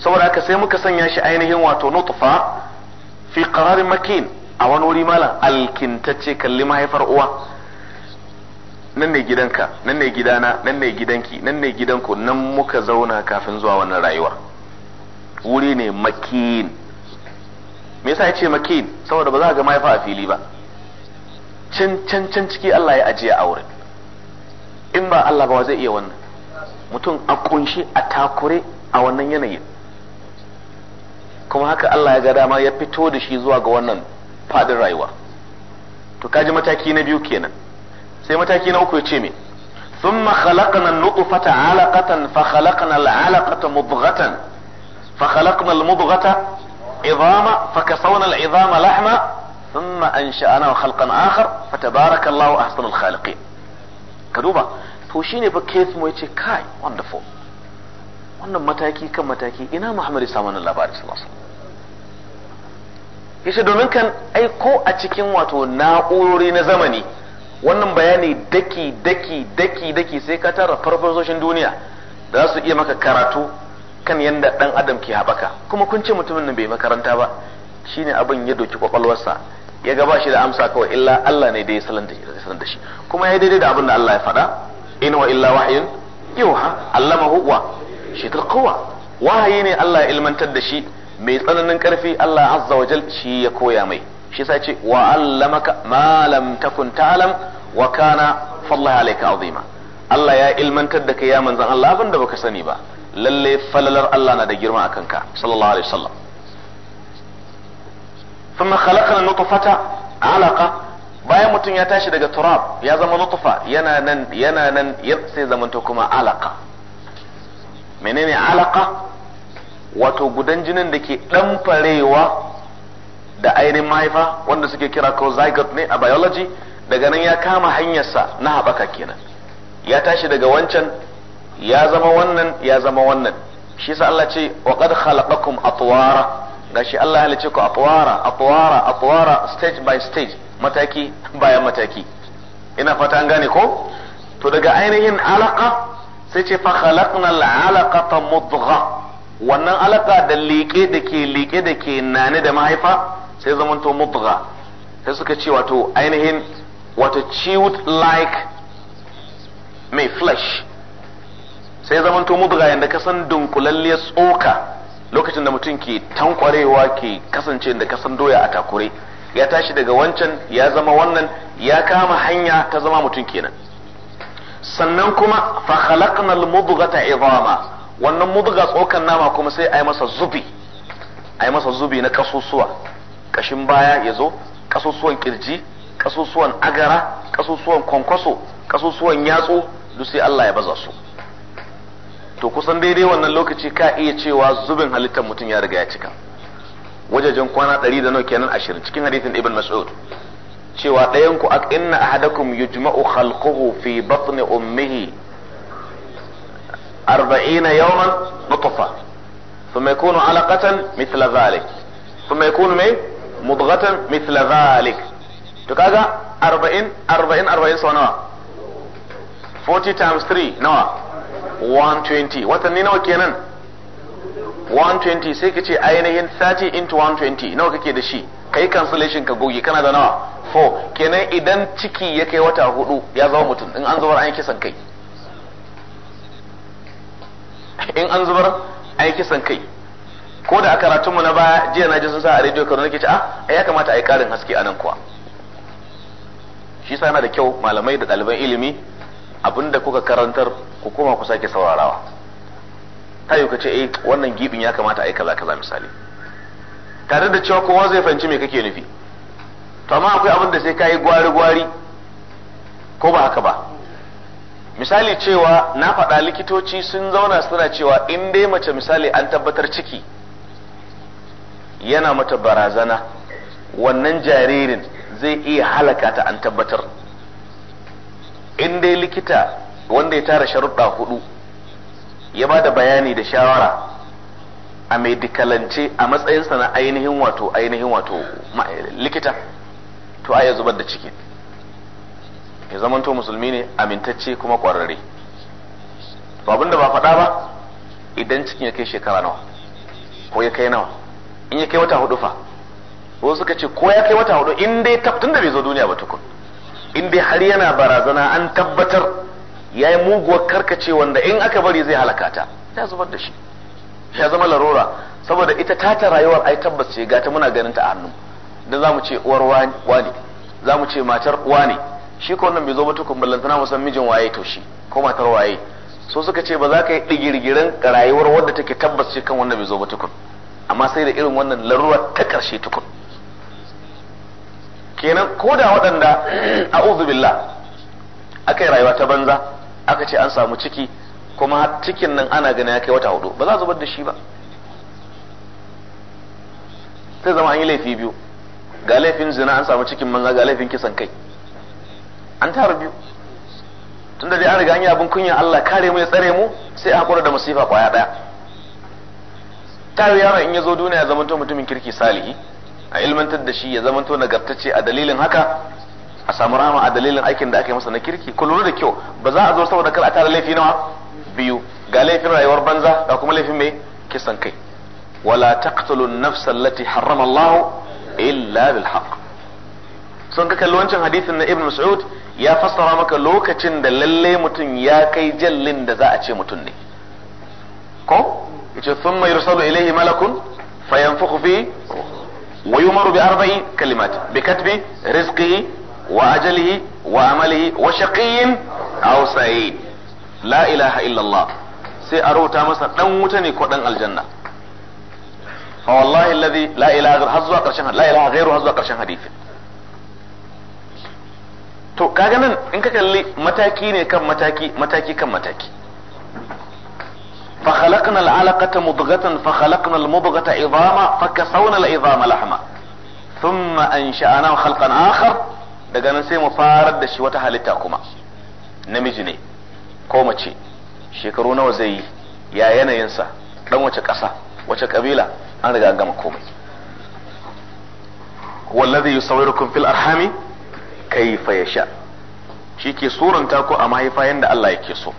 saboda haka sai muka sanya shi ainihin wato nutfa fi qararin makin a wani wuri malam alkintacce kalli mahaifar uwa nan ne gidanka nan ne gidana nan ne gidanki nan ne gidanku nan muka zauna kafin zuwa wannan rayuwa. wuri ne makin me yasa yace makin saboda ba za ga mahaifa a fili ba can can can ciki Allah ya ajiye a wurin in ba Allah ba zai iya wannan mutum a kunshi a takure a wannan yanayin kuma haka Allah ya ga dama ya fito da shi zuwa ga wannan fadin rayuwa to kaji mataki na biyu kenan sai mataki na uku ya ce me ثم خلقنا النطفة علقة فخلقنا العلقة مضغة فخلقنا المضغة عظاما فكسونا العظام لحما ثم أنشأناه خلقا آخر فتبارك الله أحسن الخالقين كدوبا wannan mataki kan mataki ina Muhammad ya samu labarin sallallahu alaihi domin kan ai ko a cikin wato na'urori na zamani wannan bayani daki daki daki daki sai ka tara farfasoshin duniya da za su iya maka karatu kan yadda ɗan adam ke haɓaka kuma kun ce mutumin nan bai makaranta ba shine abin ya doki kwakwalwarsa ya gaba shi da amsa kawai illa Allah ne da ya da shi kuma ya daidai da abin da Allah ya faɗa in wa illa wahyun yuha allamahu huwa shi tarkowa wahayi ne Allah ya ilmantar da shi mai tsananin karfi Allah azza wa jal shi ya koya mai shi sai ce wa allamaka ma lam takun ta'lam wa kana fallaha azima Allah ya ilmantar da kai ya manzon Allah abin da baka sani ba lalle falalar Allah na da girma a kanka sallallahu alaihi wasallam thumma khalaqna nutfata alaqa bayan mutum ya tashi daga turab ya zama nutfa yana nan yana nan sai zamanto kuma alaqa menene alaqa wato gudan jinin da ke ɗanfarewa da ainihin mahaifa wanda suke kira ko zygote ne a biology daga nan ya kama hanyarsa na haɓaka kenan ya tashi daga wancan ya zama wannan ya zama wannan shi sa Allah ce wa qad khalaqakum atwara gashi Allah halice ku atwara atwara atwara stage by stage mataki bayan mataki ina fata an gane ko to daga ainihin alaqa sai ce fa khalaqnal alaqata mudgha wannan alaka da liƙe da ke liƙe da ke nane da mahaifa sai to mudgha sai suka ce wato ainihin wato chewed like mai flesh sai zamanto mudga yanda ka san dunkulalliyar tsoka lokacin da mutum ke tankwarewa ke kasance da kasan doya a takure ya tashi daga wancan ya zama wannan ya kama hanya ta zama mutum kenan sannan kuma fa khalaqna al mudghata idama wannan mudga tsokan nama kuma sai ai masa zubi ai masa zubi na kasusuwa kashin baya ya zo kasusuwan kirji kasusuwan agara kasusuwan kwankwaso kasusuwan yatsu duk sai Allah ya baza su to kusan daidai wannan lokaci ka iya cewa zubin halittar mutum ya riga ya cika wajajen kwana ɗari da nawa kenan ashirin cikin hadithin ibn mas'ud cewa ɗayan ku ak inna ahadakum yujma'u khalquhu fi batni ummihi arba'ina yawman nutfa thumma yakunu alaqatan mithla dhalik thumma yakunu mai mudghatan mithla dhalik to kaga 40 40 40 sanawa 40 times 3 nawa 120 watanni nawa kenan 120 sai ka ce ainihin 30 into 120 nawa kake da shi kai cancellation ka goge kana da nawa 4 kenan idan ciki ya kai wata hudu ya zama mutum in an zubar an yi kisan kai in an zubar an yi kisan kai ko da a karatunmu na baya jiya na ji sun sa a rediyo kano nake ce a ah, ya kamata a yi karin haske a nan kuwa shi sa yana da kyau malamai da ɗaliban ilimi abinda kuka karantar ku koma ku sake saurarawa ta yi kace eh wannan gibin ya kamata a yi kaza kaza misali tare da cewa kowa zai fahimci me kake nufi to amma akwai abinda sai ka gwari gwari ko ba haka ba misali cewa na faɗa likitoci sun zauna suna cewa in dai mace misali an tabbatar ciki yana mata barazana wannan jaririn zai iya halaka ta an tabbatar in dai likita wanda ya tara sharuɗa hudu ya ba da bayani da shawara a medikalance a matsayinsa na ainihin wato ainihin wato likita to a ya zubar da ciki ya zamanto musulmi ne amintacce kuma ƙwararre to abinda ba faɗa ba idan cikin ya kai shekara nawa ko ya kai nawa in ya kai wata hudu fa ko suka ce ko ya kai wata hudu in dai tun da bai zo duniya ba tukun in dai har yana barazana an tabbatar ya yi muguwar karkace wanda in aka bari zai halaka ta ya zubar da shi ya zama larura saboda ita tata rayuwar ai tabbas ce ga ta muna ganin ta a hannu za zamu ce uwar wani zamu ce matar wani shi ko wannan bai zo ba tukun ballantana mu san mijin waye to shi ko matar waye so suka ce ba za ka yi digirgirin rayuwar wadda take tabbas ce kan wannan bai zo ba tukun amma sai da irin wannan larura ta karshe tukun kenan ko da waɗanda a billah aka yi rayuwa ta banza aka ce an samu ciki kuma cikin nan ana gani ya kai wata hudu ba za zubar da shi ba sai zama an yi laifi biyu ga laifin zina an samu cikin manza ga laifin kisan kai an tara biyu tunda dai an riga an yi abin kunya Allah kare mu ya tsare mu sai a hakura da masifa kwaya daya tare yaron in ya zo duniya ya zama mutumin kirki salihi a ilmantar da shi ya zamanto nagartacce a dalilin haka a samu rama a dalilin aikin da aka masa na kirki ku da kyau ba za a zo saboda kar a tara laifi nawa biyu ga laifin rayuwar banza ga kuma laifin mai kisan kai wala taqtulu an-nafsa allati harrama Allah illa bil haqq sun ka kalli wancan hadisin na Ibn Mas'ud ya fassara maka lokacin da lalle mutum ya kai jallin da za a ce mutum ne ko yace thumma yursalu ilayhi malakun fayanfukhu fi ويمر بأربع كلمات بكتب رزقه وأجله وعمله وشقي أو سعيد لا إله إلا الله سيأرو تامسا نموتني قدن الجنة فوالله الذي لا إله غير هزوا قرشان لا إله غير هزوا قرشان حديث تو كاغنن انك in ka kalli متاكي متاكي كم متاكي فخلقنا العلقة مضغة فخلقنا المضغة عظاما فكسونا العظام لحما ثم أنشأناه خلقا آخر daga nan sai mu farar da shi wata halitta kuma namiji ne ko mace shekaru nawa zai yi ya yanayinsa dan wace ƙasa wace ƙabila an riga an gama komai wallazi yusawwirukum fil arhami kayfa yasha shi ke suranta ko a mahaifa yanda Allah yake so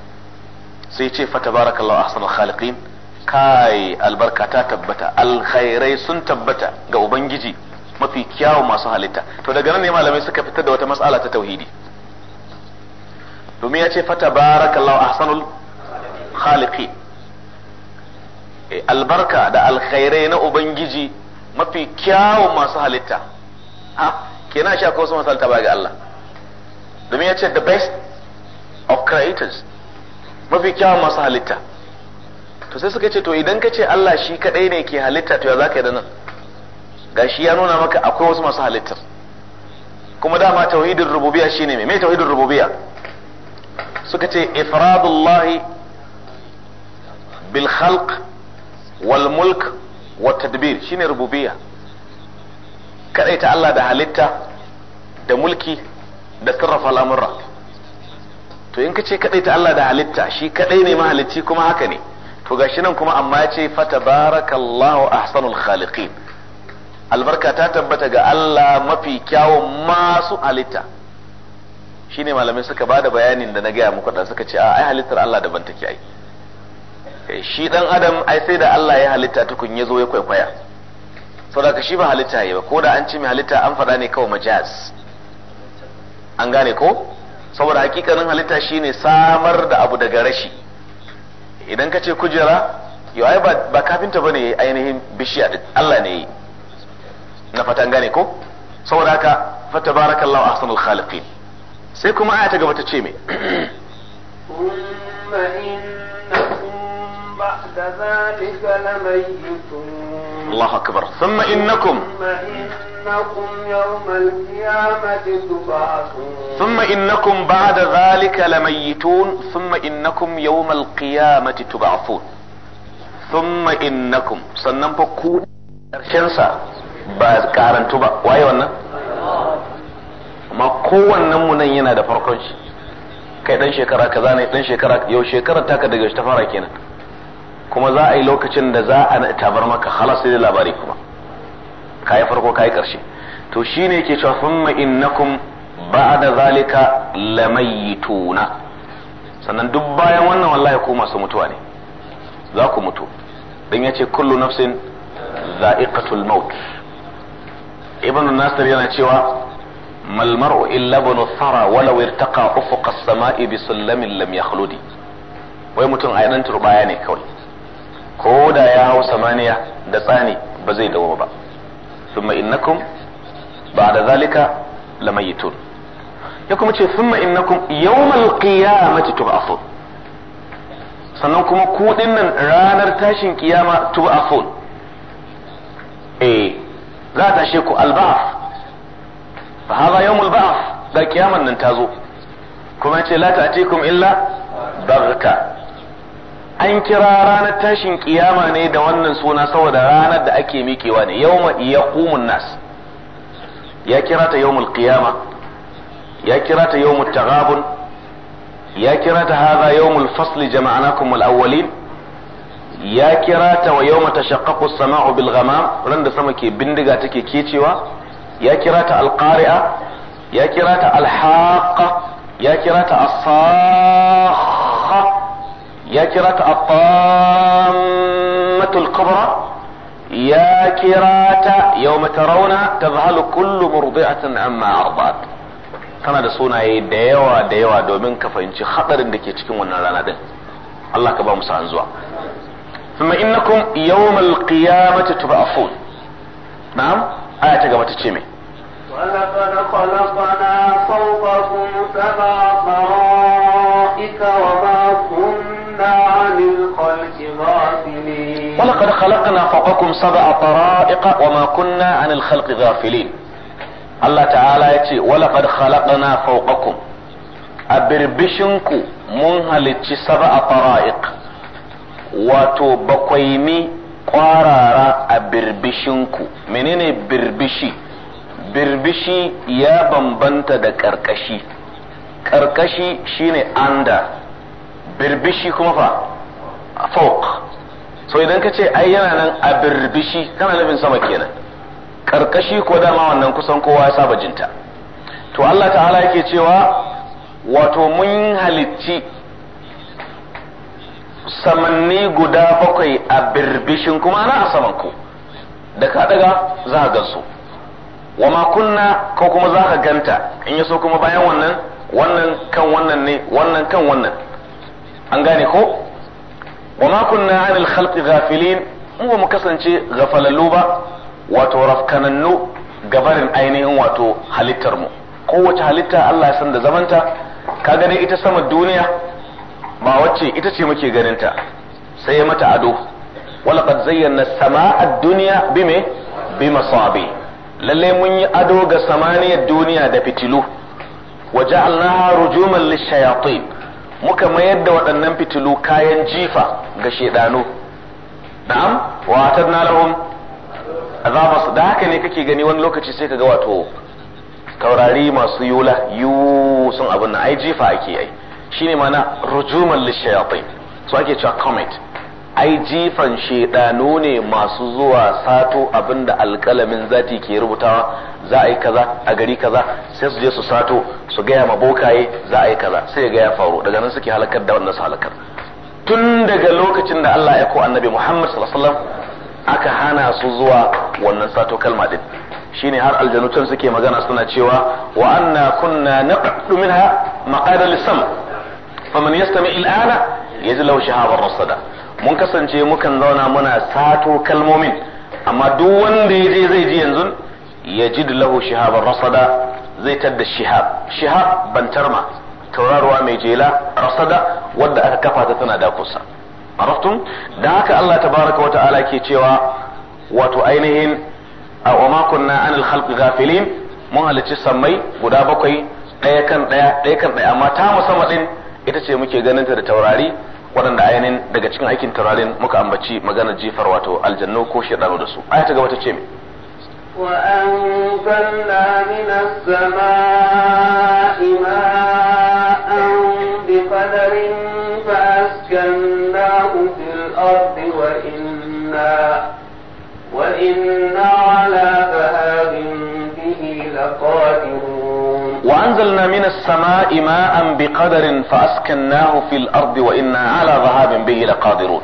sai ce fa tabarakallahu ahsanul khaliqin kai albarka ta tabbata alkhairai sun tabbata ga ubangiji mafi kyawun masu halitta to daga nan ne malamai suka fitar da wata mas'ala ta tauhidi domin ya ce fa tabarakallahu ahsanul khaliqin eh, albarka da alkhairai na ubangiji mafi kyawun masu halitta ha kenan shi akwai wasu masalta ba ga Allah domin ya ce the best of creators mafi kyawun masu halitta to sai suka ce to idan ka ce Allah shi kadai ne ke halitta to ya za ka yi da nan ga shi ya nuna maka akwai wasu masu halittar kuma dama tauhidin rububiya shi ne me tauhidin rububiya suka ce ifradullahi bil khalq wal mulk wa tadbir shine ta kadaita Allah da halitta da mulki da sarrafa lamurra to in ka ce kadai ta Allah da halitta shi kadai ne mahalicci kuma haka ne to gashi nan kuma amma ya ce fata fatabarakallahu ahsanul khaliqin albarka ta tabbata ga Allah mafi kyawun masu halitta shine malamai suka bada bayanin da na gaya muku da suka ce a ai halittar Allah daban take ai eh, shi dan adam ai sai da Allah ya halitta tukun ya zo ya kwaikwaya saboda shi ba halitta yayi ba ko da an ce mai halitta an faɗa ne kawai majaz an gane ko saboda hakikanin halitta shi ne samar da abu daga rashi idan ka ce kujera yau ai ba kafinta ba ne ainihin bishiya da Allah ne yi na fatan gane ko saboda haka a sanar khalifin sai kuma aya ta gaba ta ce mai بعد ذلك لميتون الله أكبر ثم إنكم إنكم يوم القيامة تبعثون ثم إنكم بعد ذلك لميتون ثم إنكم يوم القيامة تبعثون ثم إنكم sannan fa ku ƙarshensa ba karantu ba waye wannan amma kowannen mu nan yana da farkon shi kai dan shekara kaza ne dan shekara yau shekarar taka daga ta fara kenan kuma za a yi lokacin da za a tabar maka halas sai da labari kuma yi farko yi karshe to shine yake cewa kun innakum da zalika tuna. sannan duk bayan wannan wallahi ku masu mutuwa ne za ku mutu dan yace kullu nafsin za'iqatul maut ibn nasir yana cewa mal mar'u illa bunu thara walau irtaqa ufuqa samai bi lam wai mutum a yanan turbaya ne kawai ko da ya hau samaniya da tsani ba zai dawo ba thumma innakum da zalika lamayitun ya kuma ce thumma innakum yawmal qiyamati tub'athun sannan kuma ku dinnan ranar tashin kiyama tub'athun eh za ta tashe ku al-ba'th fa hadha yawmul ba'th ga kiyaman nan ta zo kuma ya ce la ta'tikum illa baghta an kira ranar tashin kiyama ne da wannan suna saboda ranar da ake miƙewa ne yawma yaqumun nas ya kira ta yawmul ya kira ta yawmut ya kira ta hadha yawmul fasli jama'ana al awwalin ya kira ta wa yau mata as-sama'u bil ran da sama ke bindiga take kecewa ya kira ta al ya kira ta ya kira ta يجرت الطامة الكبرى يا كراءة يوم ترون تذهل كل مرضعة عما أرضات tana da sunaye da yawa da yawa domin ka fahimci hadarin da ke cikin wannan rana din Allah ka ba mu sa'an zuwa kuma innakum yawmal qiyamati tub'afun na'am aya ta gaba ta ce me ولقد خلقنا فوقكم سبع طرائق وما كنا كنا عن الخلق غافلين ولقد خلقنا فوقكم سبع طرائق وما كنا عن الخلق غافلين Allah ta'ala ya ce walaƙad khalaqna fawqakum a birbishinku mun halicci saba a wato bakwaimi ƙwarara a birbishinku menene birbishi birbishi ya bambanta da ƙarƙashi ƙarƙashi shine anda birbishi kuma fa folk so idan ka ce ai yana nan a birbishi kana nufin sama kenan karkashi ko dama wannan kusan kowa ya saba jinta to Allah ta'ala yake cewa wato mun halicci samanni guda bakwai a birbishin kuma na a saman ku da ka daga za ka gansu wa ma kunna ko kuma za ka ganta in yaso kuma bayan wannan wannan kan wannan ne wannan kan wannan an gane ko wa ma kunna anil khalqi ghafilin mu ba mu kasance ghafalallu ba wato rafkanannu gabarin ainihin wato halittar mu kowace halitta Allah ya san da zamanta ka gane ita sama duniya ba wacce ita ce muke ganinta sai ya mata ado walaqad zayyana sama'a dunya bime bimasabi lalle mun yi ado ga samaniyar duniya da fitilu wa ja'alnaha rujuman lish-shayatin muka mayar da waɗannan fitilu kayan jifa ga shedanu na'am wa na lahum azaba su da haka ne kake gani wani lokaci sai ka ga wato taurari masu yula yi sun abin na ai jifa ake yi shine mana rujuman lishayatin su ake cewa comet ai jifan shedanu ne masu zuwa sato abinda alkalamin zati ke rubutawa za a yi kaza a gari kaza sai su je su sato su gaya ma bokaye za a yi kaza sai ga ya faru daga nan suke halakar da wannan halakar tun daga lokacin da Allah ya ko annabi Muhammad sallallahu alaihi wasallam aka hana su zuwa wannan sato kalma din shine har aljanutan suke magana suna cewa wa anna kunna naqdu minha maqada lisam faman yastami al'ana yajlu shahabar rasada mun kasance mukan zauna muna sato kalmomin amma duk wanda ya je zai ji yanzu ya ji lahu shihabar rasada zai tadda shihab shihab bantarma tauraruwa mai jela rasada wadda aka kafa ta tana dakusa araftum dan haka Allah tabaraka wata'ala ke cewa wato ainihin a wa ma kunna anil khalqi ghafilin mun halicci sammai guda bakwai ɗaya kan ɗaya ɗaya kan ɗaya amma ta musamman ɗin ita ce muke ganin ta da taurari waɗanda ainihin daga cikin aikin turarin muka ambaci maganar jifar wato aljannu ko shaɗano da su aya ta gaba ta ce me وأنزلنا من السماء ماء بقدر وإنا على ذهاب به لقادرون وأنزلنا من السماء ماء بقدر فأسكناه في الأرض وإنا على ذهاب به لقادرون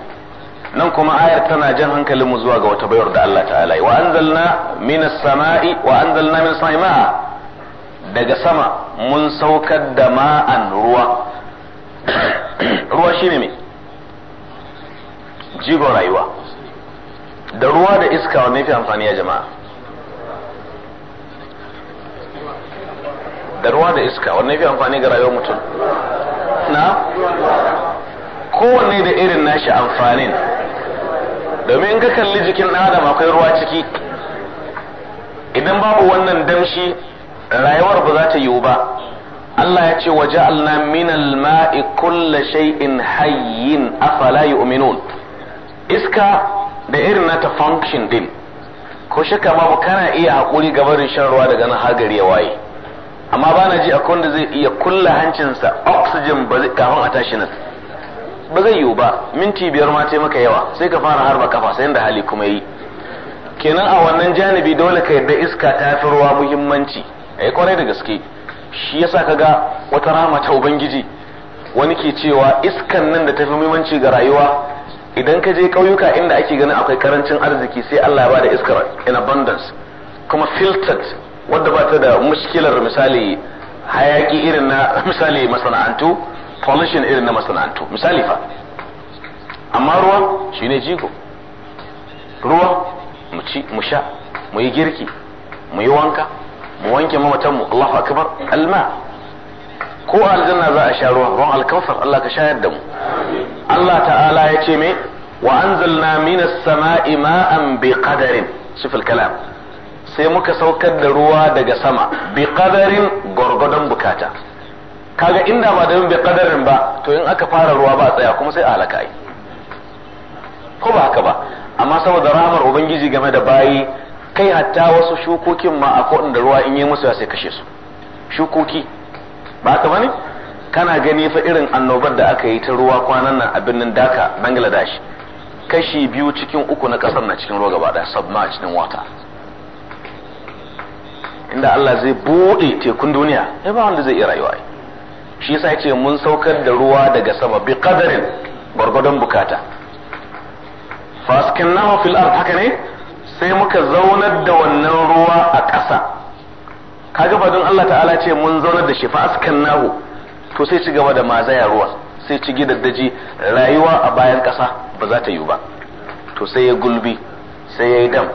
nan kuma ayar tana jan mu zuwa ga wata bayar da Allah ta'ala wa anzalna minas sama'i wa daga sama mun saukar da ma'an ruwa ruwa shine me jigon rayuwa da ruwa da iska wanne fi amfani ya jama'a da ruwa da iska wanne fi amfani ga rayuwar mutum na kowanne da irin nashi amfanin domin in ka kalli jikin ɗan adam akwai ruwa ciki idan babu wannan damshi rayuwar ba za ta yiwu ba Allah ya ce waje alna minal ma'i kulla shay'in hayyin afala yu'minun iska da irin nata function din ko shaka babu kana iya haƙuri da shan ruwa daga nan har gari ya waye amma ba na ji akwai wanda zai iya kulla hancinsa oxygen kafin a tashi nan ba zai yiwu ba minti biyar ma ce maka yawa sai ka fara harba kafa sai da hali kuma yi kenan a wannan janibi dole ka yadda iska ta fi ruwa muhimmanci yi eh, kwarai da gaske shi yasa ga wata rama ta ubangiji wani ke cewa iskan nan da ta fi muhimmanci ga rayuwa idan ka je ƙauyuka inda ake ganin akwai karancin arziki sai Allah ya da iskar in abundance kuma filtered wanda ba ta da mushkilar misali hayaki irin na misali masana'antu pollution irin na masana'antu misali fa amma ruwa shi ne jigo ruwa mu ci mu sha mu yi girki mu yi wanka mu wanke mamatan mu Allahu akbar alma ko aljanna za a sha ruwa ruwan alkawfar Allah ka shayar da mu Allah ta'ala ya ce me wa anzalna minas sama'i ma'an bi qadarin sifil kalam sai muka saukar da ruwa daga sama bi kadarin gwargwadon bukata kaga inda ba da bi kadarin ba to in aka fara ruwa ba tsaya kuma sai a halaka ai ko ba haka ba amma saboda rahamar ubangiji game da bayi kai hatta wasu shukokin ma a da ruwa in yi musu sai kashe su shukoki ba haka bane kana gani fa irin annobar da aka yi ta ruwa kwanan nan a birnin Dhaka Bangladesh kashi biyu cikin uku na kasar na cikin ruwa gaba daya submerged in water inda Allah zai bude tekun duniya ai ba wanda zai iya rayuwa shi yasa yace mun saukar da ruwa daga sama bi qadarin gargadon bukata faskinnahu fil ard haka ne sai muka zaunar da wannan ruwa a ƙasa kaga ba don Allah ta'ala ce mun zaunar da shi faskinnahu to sai ci gaba da mazaya ruwa sai ci gidaddaji rayuwa a bayan ƙasa ba za ta yiwu ba to sai ya gulbi sai ya yi dam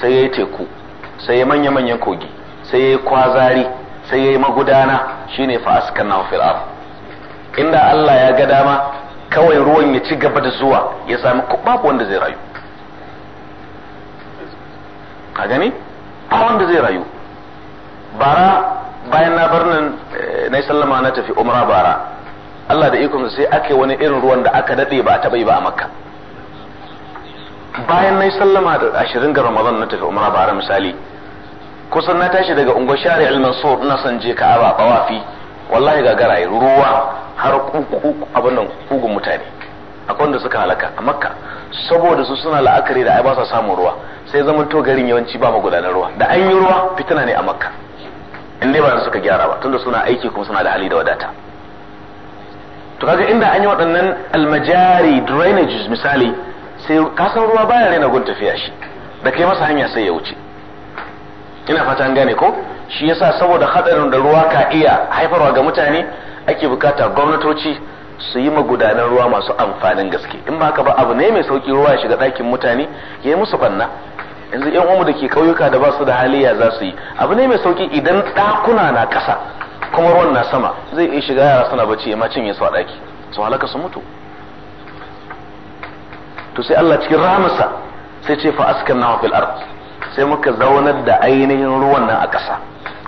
sai ya yi teku sai ya manya-manyan kogi sai yi kwazari sai ya yi magudana shine fa na fil ard inda Allah ya ga dama kawai ruwan ya ci gaba da zuwa ya sami babu wanda zai rayu ka gani ba wanda zai rayu bara bayan na bar nan eh, na sallama na tafi umra bara Allah da ikon sai ake wani irin ruwan da aka daɗe ba a taɓa yi ba a makka bayan na sallama da ashirin ga ramadan na tafi umra bara misali kusan na tashi daga ungo shari al-mansur ina san je ka'aba bawafi wallahi ga garaye ruwa har abin kugun mutane akwai wanda suka halaka a makka saboda su suna la'akari da ai ba sa samun ruwa sai zama to garin yawanci ba magudanar ruwa da an yi ruwa fitina ne a makka in dai ba suka gyara ba tunda suna aiki kuma suna da hali da wadata to kaga inda an yi waɗannan almajari drainages misali sai kasan ruwa baya rena gun tafiya shi da kai masa hanya sai ya wuce ina fata an gane ko shi yasa saboda hadarin da ruwa ka iya haifarwa ga mutane ake bukata gwamnatoci su yi magudanan ruwa masu amfanin gaske in ba ka ba abu ne mai sauki ruwa ya shiga ɗakin mutane ya yi musu banna yanzu yan umu da ke kauyuka da ba su da hali ya za su yi abu ne mai sauki idan ɗakuna na ƙasa kuma ruwan na sama zai iya shiga yara suna bacci ya macin ya su a ɗaki su halaka su mutu to sai Allah cikin ramusa sai ce fa askan na fil ard sai muka zaunar da ainihin ruwan nan a ƙasa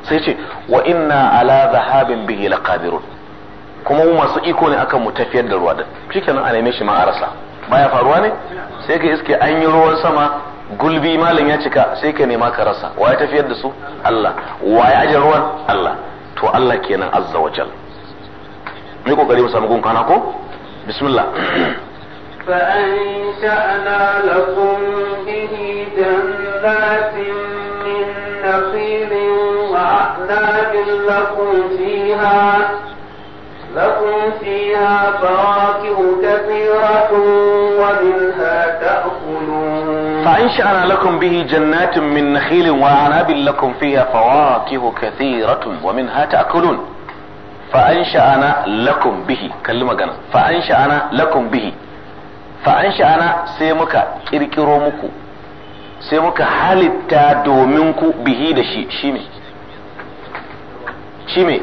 sai ce wa inna ala zahabin bihi laqadirun kuma mu masu iko ne akan mu tafiyar da ruwa din shikenan a neme shi ma a rasa baya faruwa ne sai ka iske an yi ruwan sama gulbi malam ya cika sai ka nema ka rasa waye tafiyar da su Allah waye aje ruwan Allah to Allah kenan azza wa jal mu kokari mu samu gunkana ko bismillah sha'ana لكم به جنات جنات من نخيل وأعناب لكم فيها لكم فيها فواكه كثيرة ومنها تأكلون فأنشأنا لكم به جنات من نخيل وأعناب لكم فيها فواكه كثيرة ومنها تأكلون فأنشأنا لكم به كلمة جنة فأنشأنا لكم به فأنشأنا سيمك إركرو مكو sai muka halitta domin ku bihi da shi shi ne shi ne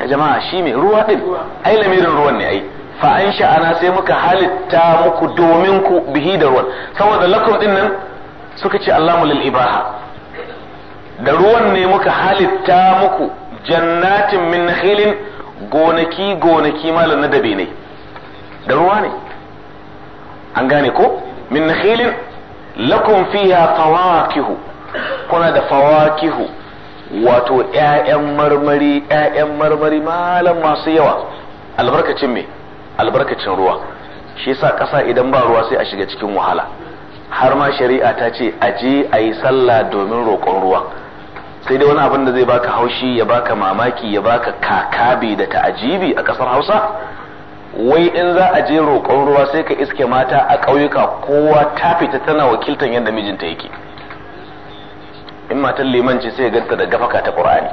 ya jama'a shi ne ruwa din ai lamirin ruwan ne ai fa an sha'ana sai muka halitta muku domin ku bihi da ruwan saboda lakum din nan suka ce Allahu lil ibaha da ruwan ne muka halitta muku jannatin min nakhilin gonaki gonaki malam na dabe ne da ruwa ne an gane ko min nakhilin lakum fiha fawakihu kuna da fawakihu wato yayan marmari yayan marmari malam masu yawa albarkacin me albarkacin ruwa shi yasa ƙasa idan ba ruwa sai a shiga cikin wahala har ma shari'a ta ce a je a yi sallah domin roƙon ruwa sai dai wani abin da zai baka haushi ya baka mamaki ya baka kakabi da ta'ajibi a ƙasar Hausa wai in za a je roƙon ruwa sai ka iske mata a ƙauyuka kowa ta fita tana wakiltan yadda mijinta yake in matan liman ce sai ganta da gafaka ta ƙur'ani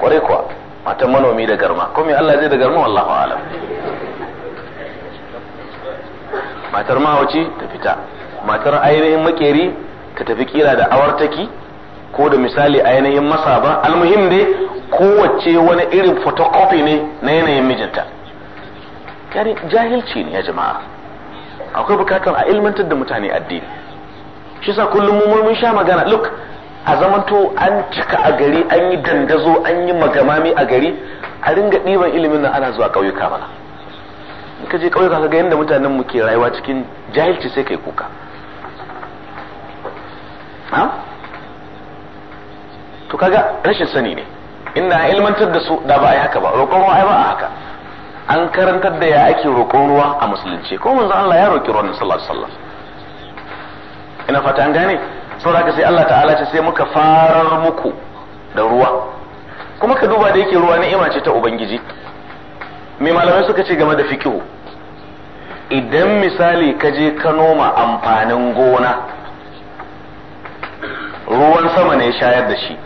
ƙwarai kuwa matan manomi da garma ko me Allah zai da garma wallahu alam matar mahauci ta fita matar ainihin makeri ta tafi kira da awartaki ko da misali ainihin masaba almuhim dai kowace wani irin photocopy ne na yanayin mijinta jahilci ne ya jama'a akwai bukatar a ilmantar da mutane addini shi sa kullum mu mun sha magana look a zamanto an cika a gari an yi dandazo an yi magamami a gari a ringa ɗiban ilimin nan ana zuwa ƙauyuka mana in ka je ƙauyuka ka ga yadda mutanen mu ke rayuwa cikin jahilci sai kai kuka to kaga rashin sani ne ina ilmantar da su da ba a yi haka ba roƙon ai ba a haka an karantar da ya ake roƙon ruwa a musulunci ko manzon Allah ya roƙi ruwan sallallahu alaihi wasallam ina fata an gane saboda haka sai Allah ta'ala ce sai muka farar muku da ruwa kuma ka duba da yake ruwa ni'ima ce ta ubangiji me malamai suka ce game da fikihu idan misali ka je ka noma amfanin gona ruwan sama ne shayar da shi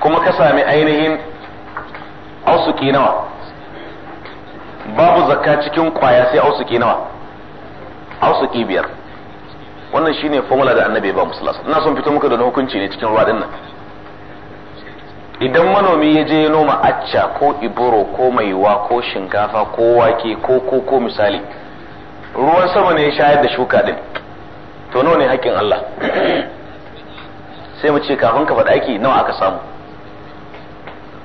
kuma ka sami ainihin ausuki nawa babu zakka cikin kwaya sai ausuki nawa ausuki biyar wannan shine formula da annabi ba musulasa ina son fito muka da hukunci ne cikin ruwa din nan idan manomi ya je ya noma acca ko iboro ko maiwa ko shinkafa ko wake ko koko misali ruwan sama ne ya shayar da shuka din to nawa ne hakkin Allah sai mu ce kafin ka faɗa aiki nawa aka samu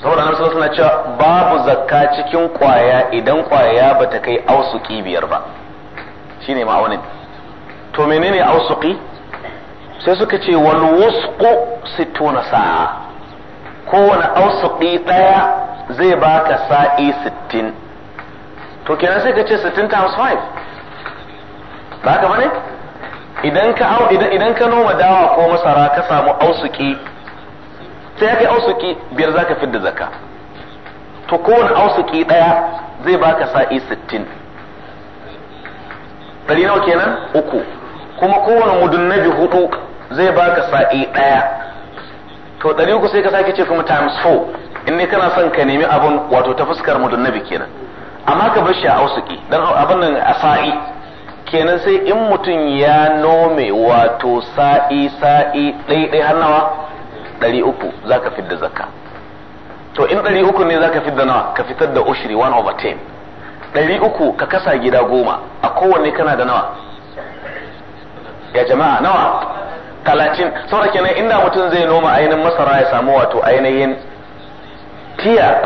saboda nan suna cewa babu zakka cikin kwaya idan kwaya ba ta kai ausuki biyar ba shi ne ma'aunin to menene ausuki sai suka ce wal wusqu tona sa'a kowane ausuki daya zai baka sa'i 60 to kenan sai ka ce 60 times 5 ba ka bane idan ka idan ka noma dawa ko masara ka samu ausuki sai kai ausuki biyar zaka fidda zaka to kowane ausuki ɗaya zai baka sa'i 60 dari nawa kenan uku kuma kowane mudun hudu zai baka sa'i daya to dari uku sai ka sake ce kuma times 4 in ne kana son ka nemi abun wato ta fuskar mudun kenan amma ka bar shi a ausuki dan abin nan a sa'i kenan sai in mutum ya nome wato sa'i sa'i ɗaya har nawa ɗari uku za ka fidda zakka to in ɗari uku ne za ka fidda nawa ka fitar da ushiri one over ten ɗari uku ka kasa gida goma a kowanne kana da nawa ya jama'a nawa talatin saboda kenan inda mutum zai noma ainihin masara ya samu wato ainihin tiya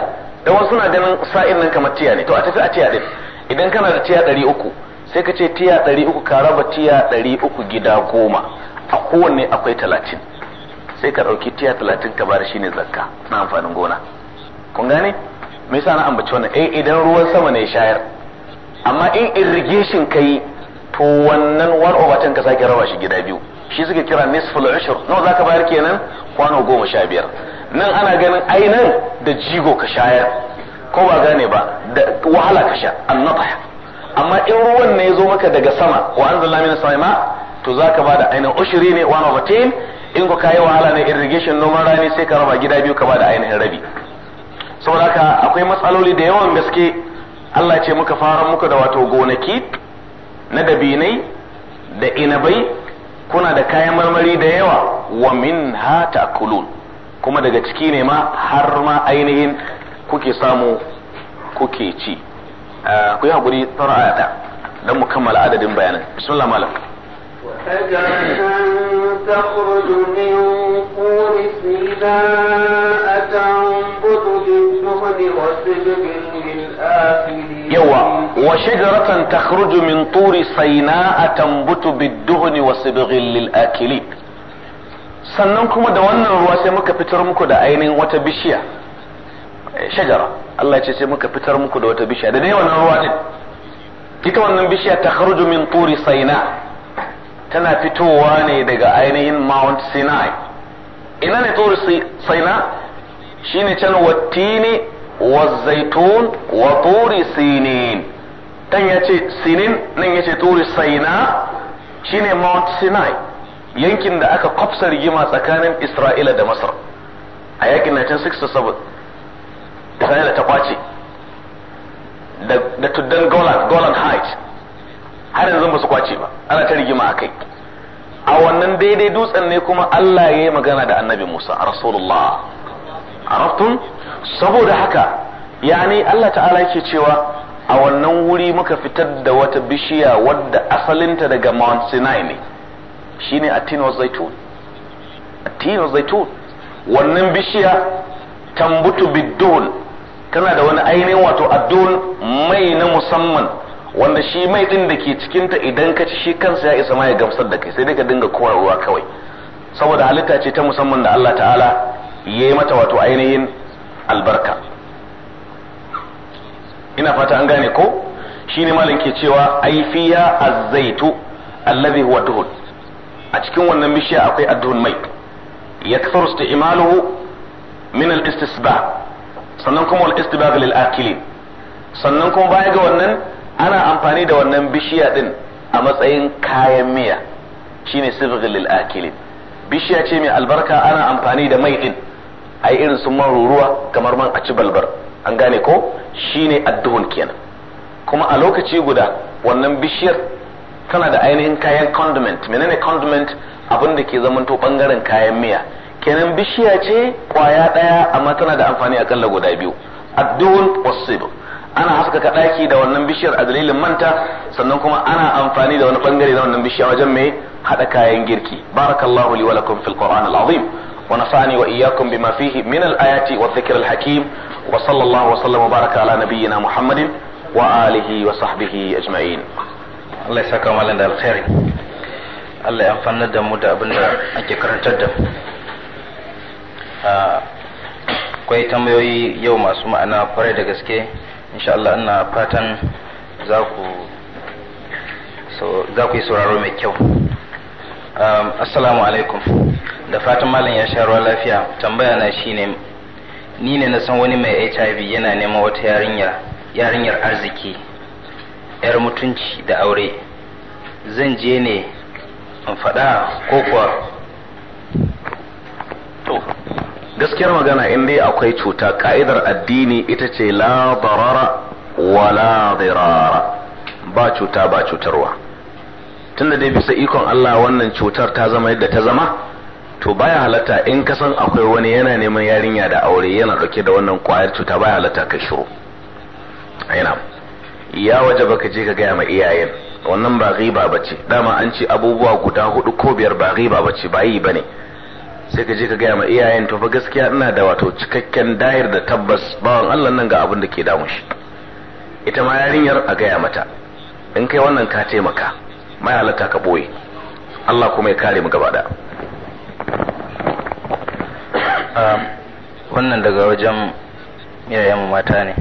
da wasu suna ganin sa'in nan kamar tiya ne to a tafi a tiya din idan kana da tiya ɗari uku sai ka ce tiya ɗari uku ka raba tiya ɗari uku gida goma a kowanne akwai talatin sai ka ɗauki tiya talatin ka bada shine zakka na amfanin gona kun gane me yasa na ambaci wannan eh idan ruwan sama ne shayar amma in irrigation kai to wannan one over ka sake raba shi gida biyu shi suke kira nisful ushur nawa zaka bayar kenan kwano goma sha biyar nan ana ganin ai da jigo ka shayar ko ba gane ba da wahala ka sha annata amma in ruwan ne ya zo maka daga sama wa anzalna min sama to zaka bada ainihin ushuri ne one over ten in ko kayi wahala na irrigation noman rani sai ka raba gida biyu ka ba da ainihin rabi saboda haka akwai matsaloli da yawan gaske Allah ce muka fara muka da wato gonaki na dabinai da inabai kuna da kayan marmari da yawa wa min ha kulun. kuma daga ciki ne ma har ma ainihin kuke samu kuke ci eh, ku yi hakuri tsara ayata don mu kammala adadin bayanan, bismillah malam فجعلت تخرج من قول سيناء تنبت بالزهد وسجد يوا وشجرة تخرج من طور سيناء تنبت بالدهن وصبغ للآكلين سننكم دوانا الرواسة مكا بتر مكو دا أين وتبشيا شجرة الله يتسي مكا بتر مكو دا وتبشيا دا نيوانا الرواسة تخرج من طور صيناء tana fitowa ne daga ainihin Mount Sinai ina ne tsoro Shi ne can wattini wa zaitun wa turi sinin tan ce sinin nan ya yace turi Shi ne Mount Sinai yankin da aka kwafsar rigima tsakanin Isra'ila da Masar a yakin 1967 Isra'ila ta kwace da tuddan Golan Golan Heights har yanzu ba su kwace ba ana ta rigima a kai a wannan daidai dutsen ne kuma Allah ya yi magana da annabi Musa rasulullah arabtum saboda haka yani Allah ta'ala yake cewa a wannan wuri muka fitar da wata bishiya wadda asalinta daga Mount Sinai ne shine atino zaitun zaitun wannan bishiya tambutu bidun tana da wani ainihin wato addun mai na musamman wanda shi mai din da ke cikinta idan ka ci shi kansa ya isa ma ya gamsar da kai sai dai ka dinga kowarwa kawai saboda halitta ce ta musamman da Allah ta'ala ya yi mata wato ainihin albarka ina fata an gane ko shine malam ke cewa ai fiya azzaitu allazi huwa duhun a cikin wannan bishiya akwai adduhun mai yakthuru isti'maluhu min al-istisba sannan kuma al-istibab lil akilin sannan kuma baya ga wannan ana amfani da wannan bishiya din a matsayin kayan miya shine sibghil lil akilin bishiya ce mai albarka ana amfani da mai din ai irin sun man ruruwa kamar man a ci balbar an gane ko shine addu'un kenan kuma a lokaci guda wannan bishiyar tana da ainihin kayan condiment menene condiment abin da ke zamanto bangaren kayan miya kenan bishiya ce kwaya daya amma tana da amfani akalla guda biyu addu'un wasib ana haskaka ɗaki da wannan bishiyar a dalilin manta sannan kuma ana amfani da wani bangare da wannan bishiya wajen mai hada kayan girki barakallahu li wa lakum fil qur'an al azim wa nafa'ani wa iyyakum bima fihi min al ayati wa dhikr al hakim wa sallallahu wa sallam baraka ala nabiyyina muhammadin wa alihi wa sahbihi ajma'in Allah ya saka malam da alkhairi Allah ya amfanar da mu da abin da ake karantar da mu ah, akwai tambayoyi yau masu ma'ana kwarai da gaske insha Allah ina fatan za ku yi sauraro mai kyau um, assalamu alaikum da fatan malam ya sha ruwa lafiya tambaya na shi ne ni ne na san wani mai hiv yana neman wata yarinyar arziki yar mutunci da aure zan je ne in faɗa ko kuwa to gaskiyar magana in dai akwai cuta ka'idar addini ita ce la darara wa la dirara ba cuta ba cutarwa tunda dai bisa ikon Allah wannan cutar ta zama yadda ta zama to baya halatta in ka san akwai wani yana neman yarinya da aure yana dauke da wannan kwayar cuta baya halatta ka shiru aina ya waje baka je ka gaya ma iyayen wannan ba riba bace dama an ce abubuwa guda hudu ko biyar ba ghiba bace ba yi bane sai ka je ka gaya ma iyayen to fa gaskiya ina da wato cikakken dayar da tabbas bawan Allah nan ga abin da ke damun shi ita ma yarinyar a gaya mata in kai wannan ka taimaka mai halatta ka boye Allah kuma ya kare mu gaba da wannan daga wajen iyayen mata ne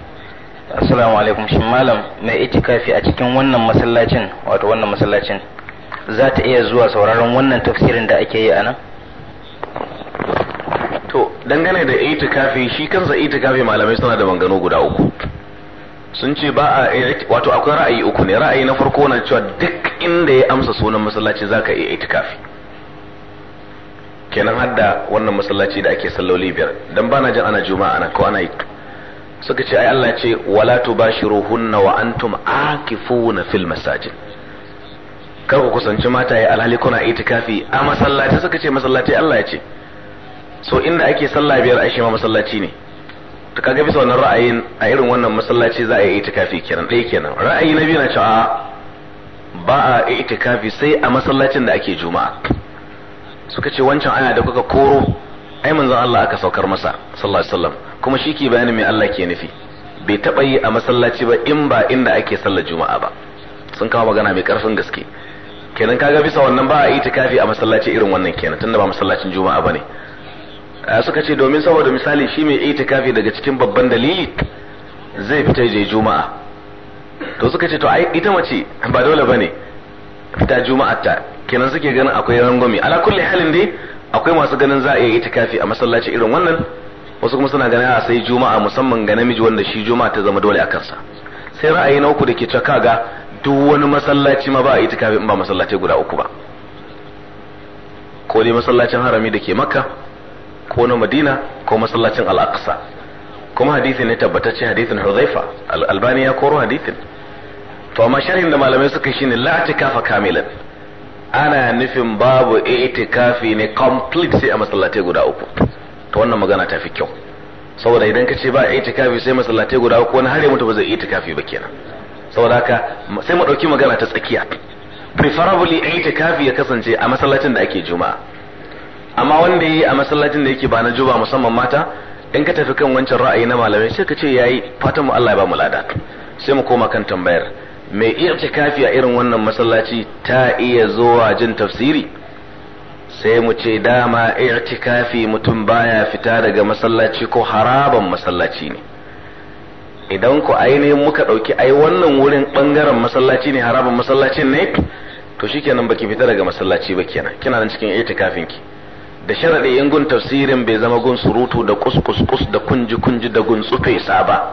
assalamu alaikum shin malam mai itikafi a cikin wannan masallacin wato wannan masallacin za ta iya zuwa sauraron wannan tafsirin da ake yi a nan to dangane da itikafi shi kansa itikafi malamai suna da mangano guda uku sun ce ba a eh, wato akwai ra'ayi uku ne ra'ayi na farko na cewa duk inda ya amsa sunan masallaci zaka iya itikafi kenan hadda wannan masallaci da ake salloli biyar dan bana jin ana juma'a ana ko ana yi suka ce ai Allah ce wala tubashiruhunna wa antum akifuna fil masajid kar ku kusanci mata ya alhali kuna itikafi a masallaci suka ce masallaci Allah ya ce so inda ake sallah biyar ai shi ma masallaci ne to kaga bisa wannan ra'ayin a irin wannan masallaci za a yi itikafi kenan dai kenan ra'ayi na biyu na cewa ba a yi itikafi sai a masallacin da ake juma'a suka ce wancan aya da kuka koro ai manzon Allah aka saukar masa sallallahu alaihi wasallam kuma shi ke bayanin me Allah ke nufi bai taɓa yi a masallaci ba in ba inda ake sallar juma'a ba sun kawo magana mai karfin gaske kenan kaga bisa wannan ba a itikafi a masallaci irin wannan kenan tunda ba masallacin juma'a bane ne Eh, suka ce domin saboda misali shi mai itikafi daga cikin babban dalili zai fita je juma'a to suka ce to ai ita mace ba dole bane fita juma'a ta kenan suke ganin akwai rangwami ala kulli halin dai akwai masu ganin za a iya itikafi a masallaci irin wannan wasu kuma suna ganin a sai juma'a musamman ga namiji wanda shi juma'a ta zama dole a kansa sai ra'ayi na uku da ke cewa ga duk wani masallaci ma ba a itikafi in ba masallaci guda uku ba ko dai masallacin harami da ke makka ko na madina ko masallacin al kuma hadithin ne tabbatacce hadisin huzaifa al-albani ya koro hadisin to amma sharhin da malamai suka yi shine la kafa kamilan ana nufin babu itikafi ne complete sai a masallatai guda uku to wannan magana ta fi kyau saboda idan ka ce ba itikafi sai masallatai guda uku wani har ya mutu ba zai itikafi ba kenan saboda haka sai mu dauki magana ta tsakiya preferably itikafi ya kasance a masallacin da ake juma'a amma wanda yi a masallacin da yake ba na juba musamman mata in ka tafi kan wancan ra'ayi na malamai sai ka ce yayi fatan mu Allah ya ba mu lada sai mu koma kan tambayar mai i'tikafi a irin wannan masallaci ta iya zuwa jin tafsiri sai mu ce dama i'tikafi mutum baya fita daga masallaci ko haraban masallaci ne idan ku ainihin muka ɗauki ai wannan wurin ɓangaren masallaci ne haraban masallacin ne to shi shikenan baki fita daga masallaci ba kenan kina nan cikin i'tikafin ki da sharaɗe yin gun tafsirin bai zama gun surutu da kuskus kus da kunji-kunji da gun tsufe sa ba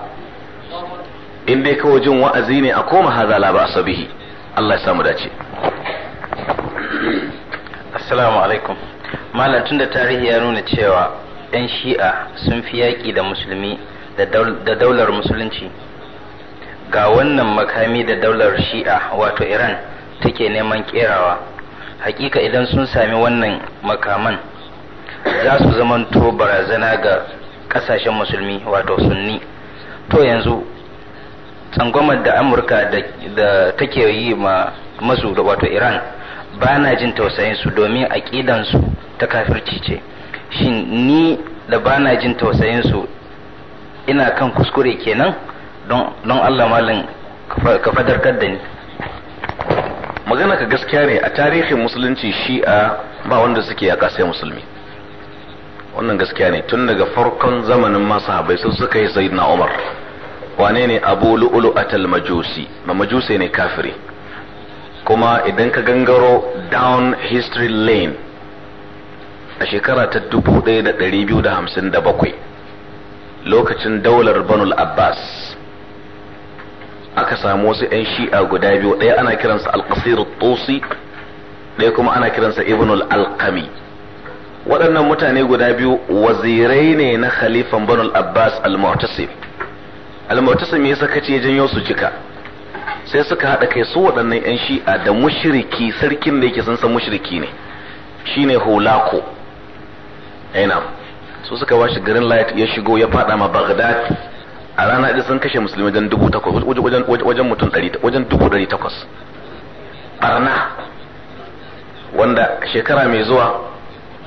in dai kawo jin wa'azi ne a koma hazala ba sabihi Allah ya samu dace assalamu alaikum malam tunda tarihi ya nuna cewa yan shi'a sun fi yaƙi da musulmi da daular musulunci ga wannan makami da daular shi'a wato iran take neman ƙerawa hakika idan sun sami wannan makaman za su zamanto barazana ga kasashen musulmi wato sunni to yanzu tsangwamar da amurka da take yi ma masu da wato iran ba na jin tausayin su domin aƙidansu ta kafirci ce shi ni da ba na jin tausayin su ina kan kuskure kenan don allah malin ka fadarkar da ni magana ka gaskiya ne a tarihin musulunci shi'a ba wanda suke a kasai musulmi wannan gaskiya ne tun daga farkon zamanin bai sun suka yi na umar wane ne abu lu'ulu atal majusi ma majusi ne kafiri kuma idan ka gangaro down history lane a shekara ta 1257 lokacin daular banul abbas aka samu wasu 'yan shi'a guda biyu ɗaya ana kiransa alƙasir tusi ɗaya kuma ana kiransa ibnul alkami waɗannan mutane guda biyu wazirai ne na khalifan al abbas al-mu'tasim al-mu'tasim ya sakaci ya janyo su jika sai suka haɗa kai su waɗannan yan shi'a da mushriki sarkin da yake san san mushriki ne shine hulako aina eh, su suka washi garin light ya shigo ya fada ma baghdad a rana ɗaya sun kashe musulmi wajen dubu takwas wajen mutum ɗari wajen dubu ɗari takwas barna wanda shekara mai zuwa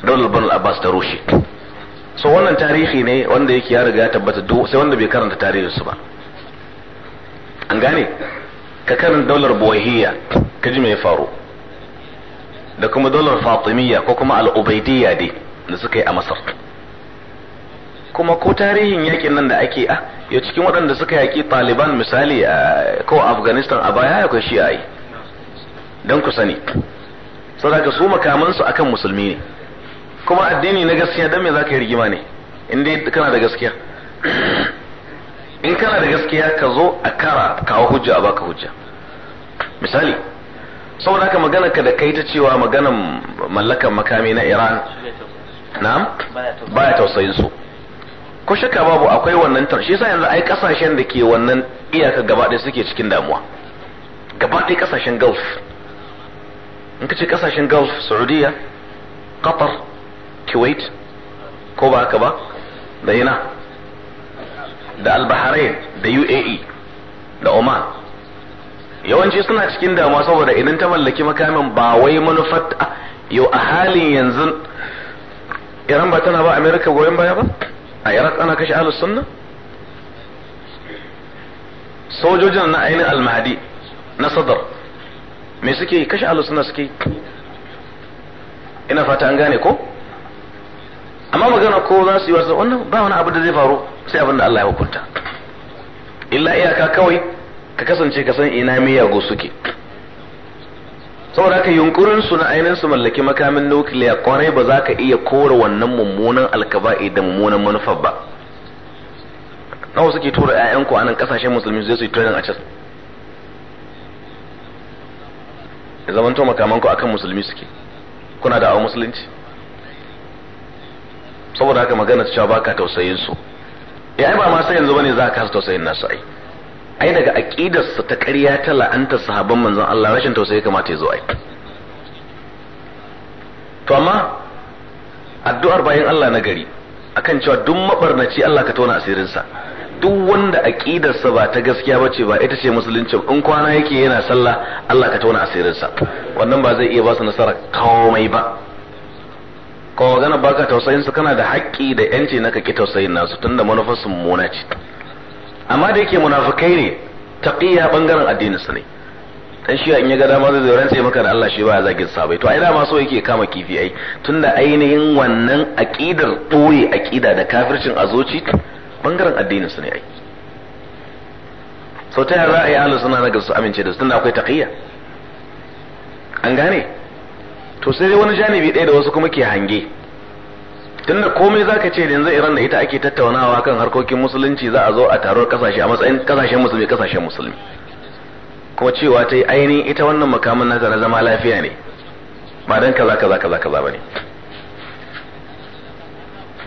daular banul abbas ta rushe so wannan tarihi ne wanda yake ya riga ya tabbata sai wanda bai karanta tarihin ba an gane ka karin daular buwahiyya ka ji mai faru da kuma daular fatimiyya ko kuma al'ubaidiyya dai da suka yi a masar kuma ko tarihin yakin nan da ake a ah, ya cikin waɗanda suka yaƙi taliban misali a ah, ko afghanistan a baya akwai yi don ku sani saboda su makamansu akan musulmi ne kuma addini na gaskiya dan me za ka yi rigima ne in dai kana da gaskiya in kana da gaskiya ka zo a kara kawo hujja a baka hujja misali saboda haka magana ka da kai ta cewa maganan mallakan makami na Iran na'am baya tausayin su ko shakka babu akwai wannan tar shi yasa yanzu ai kasashen da ke wannan iyaka gaba ɗaya suke cikin damuwa gaba ɗaya kasashen Gulf in ka ce kasashen Gulf Saudiya Qatar kuwait ko ba haka ba da yana da albaharai da uae da oman yawanci suna cikin damuwa saboda idan ta mallaki makamin ba wai manufar yau a halin yanzu iran ba tana ba amerika goyon baya ba a iraq ana kashe alus sunna sojojin na ainihin almahadi na sadar me suke kashe alus sunna suke ina fata an gane ko amma magana ko za su yi wasu wannan ba wani abu da zai faru sai abin da Allah ya hukunta illa iyaka kawai ka kasance ka san ina miyago suke saboda haka yunkurin su na ainihin su mallaki makamin nukiliya kwarai ba za ka iya kore wannan mummunan alkaba'i da mummunan manufar ba nawa suke tura 'ya'yanku ku anan kasashen musulmi zai su yi training a can zamanto makamanku akan musulmi suke kuna da musulunci saboda haka magana cewa baka tausayin su ya eh, ba ma sai yanzu bane za ka tausayin nasu ai ai daga aqidar su ta ƙarya ta la'anta sahabban manzon Allah rashin tausayi kamata ya zo ai to amma addu'ar bayan Allah na gari akan cewa duk mabarnaci Allah ka tona sa duk wanda aƙidarsa ba ta gaskiya bace ba ita ce musulunci in kwana yake yana sallah Allah ka tona asirinsa wannan ba zai iya ba su nasara komai ba kuma magana baka tausayin su kana da haƙƙi da yanci na kake tausayin nasu tunda manufar su mummuna ce amma da yake munafukai ne taqiya bangaren addinin su ne dan shi in ya ga dama zai rantsa maka da Allah shi ba zagin sabai to ai dama so yake kama kifi ai tunda ainihin wannan aqidar ɓoye aqida da kafircin a zuci bangaren addinin su ne ai so ta ra'ayi Allah suna na su amince da su tunda akwai taqiyya an gane to sai dai wani janibi ɗaya da wasu kuma ke hange tunda komai za ka ce da yanzu iran da ita ake tattaunawa kan harkokin musulunci za a zo a taruwar kasashe a matsayin kasashen musulmi kasashen musulmi kuma cewa ta yi ainihin ita wannan makamin nata na zama lafiya ne ba don kaza kaza kaza kaza ba ne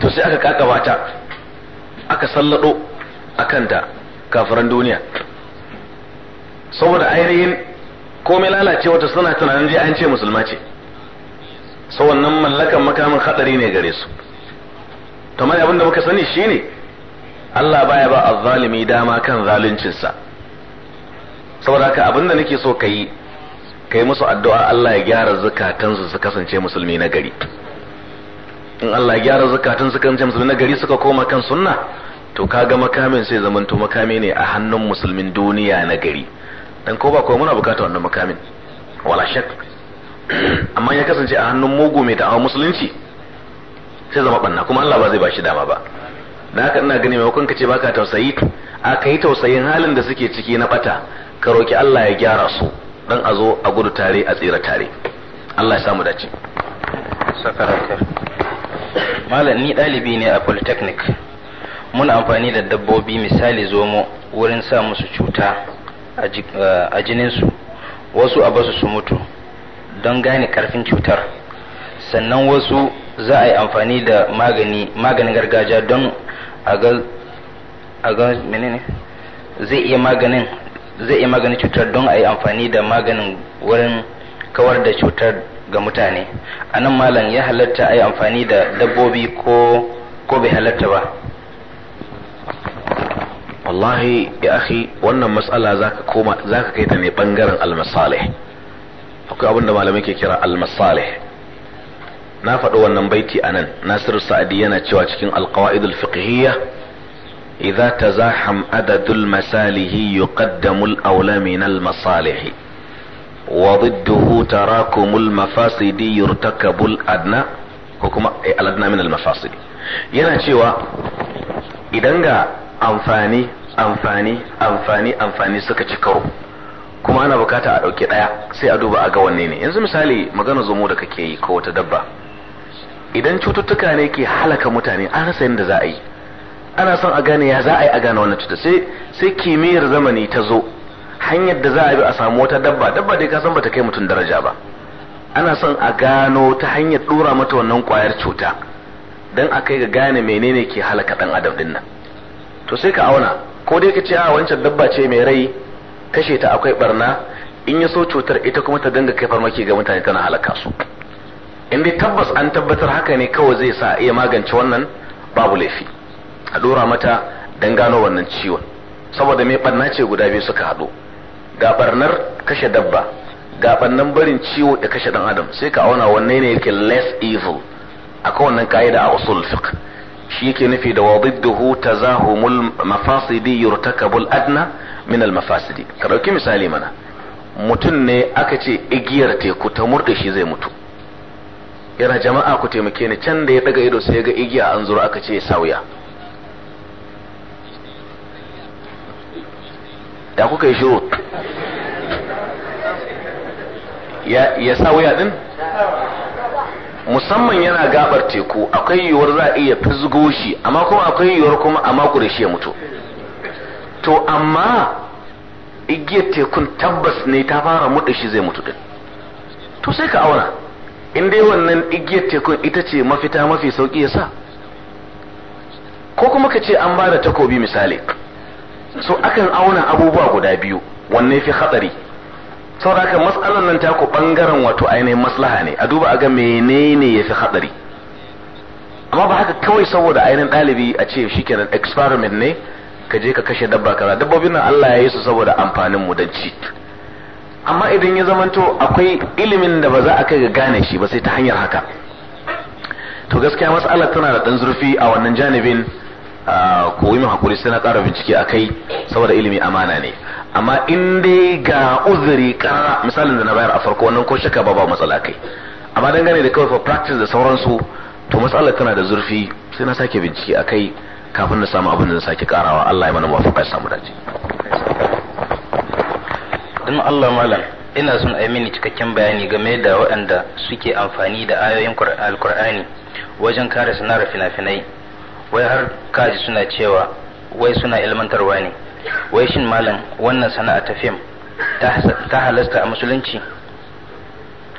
to sai aka kakaba ta aka sallado a kanta kafiran duniya saboda ainihin komai lalacewa ta suna tunanin ji an ce musulma ce Sau wannan mallakan makamin hadari ne gare su to mai abin da muka sani shine Allah baya ba zalimi dama kan zaluncinsa saboda haka abin da nake so kai kai musu addu'a Allah ya gyara zukatansu su kasance musulmi na gari in Allah ya gyara zukatun su kasance musulmi na gari suka koma kan sunna to kaga makamin sai zamanto makami ne a hannun musulmin duniya na gari dan ko ba ko muna bukatar wannan makamin wala shakka amma ya kasance a hannun mugu mai ta'awon musulunci sai zama banna kuma Allah ba zai bashi dama ba da haka ina gani maimakon ka ce baka tausayi a kai tausayin halin da suke ciki na bata ka roki Allah ya gyara su dan a zo a gudu tare a tsira tare Allah ya samu dace malam ni ɗalibi ne a polytechnic muna amfani da dabbobi misali zomo wurin sa musu cuta a jininsu wasu a basu su mutu don gane karfin cutar sannan wasu za a yi amfani da magani maganin gargajiya don a ga menene zai iya maganin zai iya maganin cutar don a yi amfani da maganin wurin kawar da cutar ga mutane anan malam ya halatta a yi amfani da dabbobi ko ko bai halatta ba wallahi ya akhi wannan matsala zaka koma zaka kai ta ne bangaren almasalih akwai abin da malamai ke kira al-masalih na faɗo wannan baiti a nan nasir sa'adi yana cewa cikin al-qawaid al-fiqhiyya idza tazaham adadul masalihi yuqaddamu al-awla min al-masalih wa ضده تراكم المفاسد يرتكب الأدنى ko kuma aladna min al-mafasid yana cewa idan ga amfani amfani amfani amfani suka ci karo kuma ana bukata a ɗauki ɗaya sai a duba a ga wanne ne yanzu misali magana zomo da kake yi ko wata dabba idan cututtuka ne ke halaka mutane an rasa yadda za a yi ana son a gane ya za a yi a gane wannan cuta sai sai kimiyyar zamani ta zo hanyar da za a bi a samu wata dabba dabba dai ka san bata kai mutum daraja ba ana son a gano ta hanyar dora mata wannan kwayar cuta dan a kai ga gane menene ke halaka dan adam din nan to sai ka auna ko dai ka ce a wancan dabba ce mai rai kashe ta akwai barna in ya so cutar ita kuma ta dinga kai farmaki ga mutane tana halaka su in dai tabbas an tabbatar haka ne kawai zai sa iya magance wannan babu laifi a dora mata don gano wannan ciwon saboda mai barna ce guda biyu suka haɗu ga barnar kashe dabba ga barnan barin ciwo da kashe dan adam sai ka auna wanne ne yake less evil akwai wannan ka'ida a usul fiqh shi ke nufi da wadidduhu tazahumul mafasidi yurtakabul adna min al mafasidi ka dauki misali mana mutum ne aka ce igiyar teku ta murda shi zai mutu yana jama'a ku taimake ni can da ya daga ido sai ga igiya an zura aka ce sauya da kuka yi shiru ya sauya din musamman yana gabar teku akwai yiwuwar za a iya fizgo shi amma kuma akwai yiwuwar kuma a mako da shi ya mutu to amma igiyar tekun tabbas ne ta fara mutu shi zai mutu din to sai ka auna in dai wannan igiyar tekun ita ce mafita mafi sauki ya sa ko kuma ka ce an ba da takobi misali so akan auna abubuwa guda biyu wanne fi hatsari saboda haka matsalar nan ta ku bangaren wato ainihin maslaha ne a duba a ga menene ya fi hadari amma ba haka kawai saboda ainihin ɗalibi a ce shi shikenan experiment ne ka je ka kashe dabba kaza dabbobin nan Allah ya yi su saboda amfanin mu dan ci amma idan ya zamanto akwai ilimin da ba za a kai ga gane shi ba sai ta hanyar haka to gaskiya matsalar tana da dan zurfi a wannan janibin koyi yi hakuri sai na ƙara bincike a kai saboda ilimi amana ne amma in dai ga uzuri ƙara misalin da na bayar a farko wannan ko shaka ba ba matsala kai amma dangane da kawai for practice da sauransu to matsalar tana da zurfi sai na sake bincike a kai kafin na samu abin da na sake karawa Allah ya mana mafaka ya samu dace don Allah malam ina son a yi mini cikakken bayani game da waɗanda suke amfani da ayoyin Al-Qur'ani wajen kare sana'ar fina-finai wai har kaji suna cewa wai suna ilmantarwa ne wai shin malam wannan sana'a ta fim ta halasta a musulunci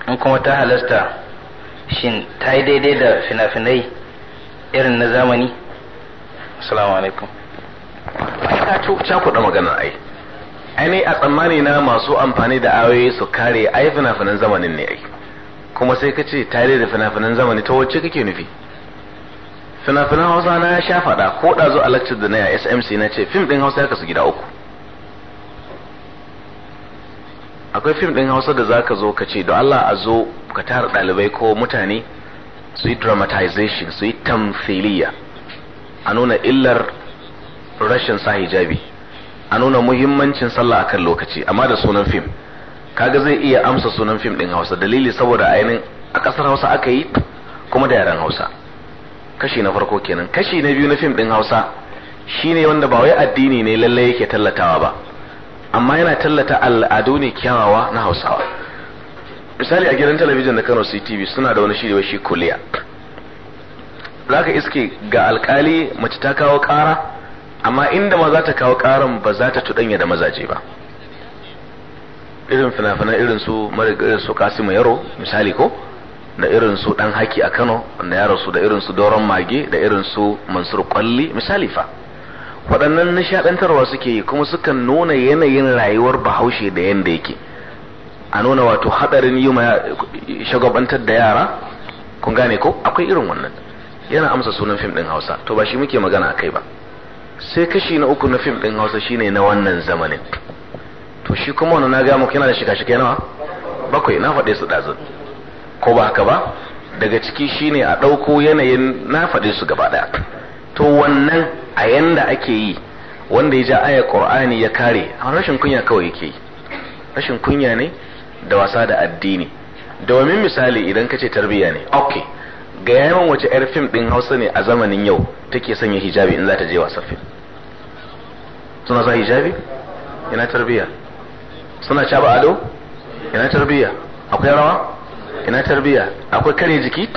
in kuma ta halasta shin ta yi daidai da fina-finai irin na zamani assalamu alaikum ta kuɗa magana ai ainihi a tsammani na masu amfani da ayoyi su kare ai fina-finan zamanin ne ai kuma sai ka ce tare da fina-finan zamani ta wacce kake nufi fina-finan hausa na ya sha faɗa ko ɗazu a lecture da na ya smc na ce fim ɗin hausa ya kasu gida uku akwai fim ɗin hausa da za ka zo ka ce da allah a zo ka tara ɗalibai ko mutane su yi dramatization su yi tamfiliya a nuna illar rashin sa hijabi a nuna muhimmancin sallah akan lokaci amma da sunan fim kaga zai iya amsa sunan fim ɗin hausa dalili saboda ainihin a ƙasar hausa aka yi kuma da yaren hausa kashi na farko kenan kashi na biyu na fim din hausa shine wanda ba wai addini ne lalle yake tallatawa ba amma yana tallata al'adu ne kyawawa na hausawa misali a gidan talabijin da kano ctv suna da wani shiri wa shi kuliya za ka iske ga alkali mace ta kawo kara amma inda ma za ta kawo karan ba za ta tudanya da mazaje ba irin fina-finan irin su irin su kasimu yaro misali ko da irin su dan haki a Kano wanda ya rasu da irin su Doron Mage da irin su Mansur Kwalli misali fa waɗannan nishaɗantarwa suke yi kuma sukan nuna yanayin rayuwar Bahaushe da yanda yake a nuna wato hadarin yi ma shagabantar da yara kun gane ko akwai irin wannan yana amsa sunan fim din Hausa to ba shi muke magana akai ba sai kashi na uku na fim din Hausa shine na wannan zamanin to shi kuma wannan na ga muku yana da shika-shika nawa bakwai na faɗe su ɗazun ko ba haka ba daga ciki shine a ɗauko yanayin na faɗi su gaba ɗaya to wannan a yanda ake yi wanda ya ja aya ƙur'ani ya kare amma rashin kunya kawai yake yi rashin kunya ne da wasa da addini domin misali idan kace tarbiyya ne okay ga yawan wace yar fim din hausa ne a zamanin yau take sanya hijabi in za ta je wasan fim suna sa hijabi ina tarbiyya suna caba ado ina tarbiyya akwai rawa ina tarbiya akwai kare jiki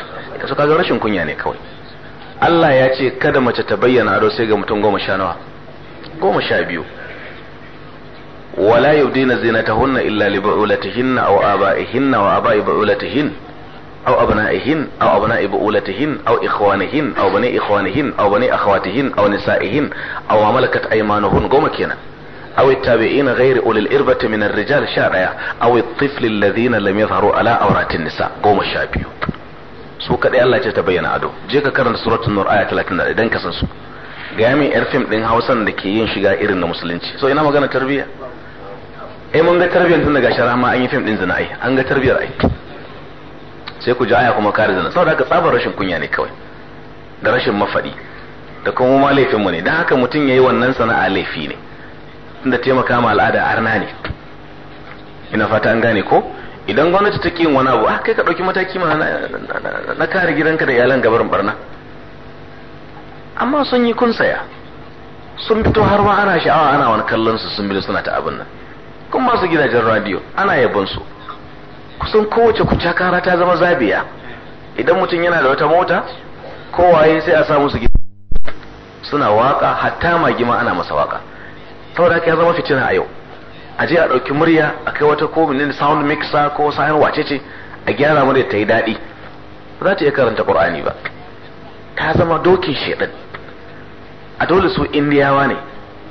so kaga rashin kunya ne kawai Allah ya ce kada mace ta bayyana ado sai ga mutum goma sha nawa goma sha biyu wala yudina zinatahunna illa li bu'ulatihinna aw aba'ihinna wa aba'i bu'ulatihin aw abna'ihin aw abna'i bu'ulatihin aw ikhwanihin aw bani ikhwanihin aw bani akhawatihin aw nisa'ihin aw malakat aymanuhun goma kenan أو التابعين غير أولي الإربة من الرجال شارع أو الطفل الذين لم يظهروا على أورات النساء قوم الشابيو su kaɗai Allah ce ta bayyana ado je ka karanta suratul nur aya 31 idan ka su ga yamin yar fim din Hausan da ke yin shiga irin na musulunci so ina magana tarbiyya eh mun ga tarbiyyar tun daga shara ma an yi fim din zina an ga tarbiyyar ai sai ku ji aya kuma kare zina saboda ka tsabar rashin kunya ne kawai da rashin mafadi da kuma ma laifin ne dan haka mutum ya yi wannan sana'a laifi ne da taimaka ma al'ada arna ne ina fata an gane ko idan gwamnati ta yin wani abu ah, kai ka ɗauki mataki ma na kare gidanka da iyalan gabar barna amma sun yi kun saya sun fito har ma ana sha'awa ana wani kallon su sun bi suna ta abin nan kun masu gidajen radio ana yabon su kusan kowace kara ta zama zabiya idan mutum yana da wata mota kowaye sai a sa musu suna waka hatta magima ana masa waka saboda haka ya zama fitina a yau a je a ɗauki murya a kai wata ko ne sound mixer ko sahin wace ce a gyara murya ta yi daɗi ba za ta iya karanta ƙur'ani ba ta zama dokin shaidan a dole su indiyawa ne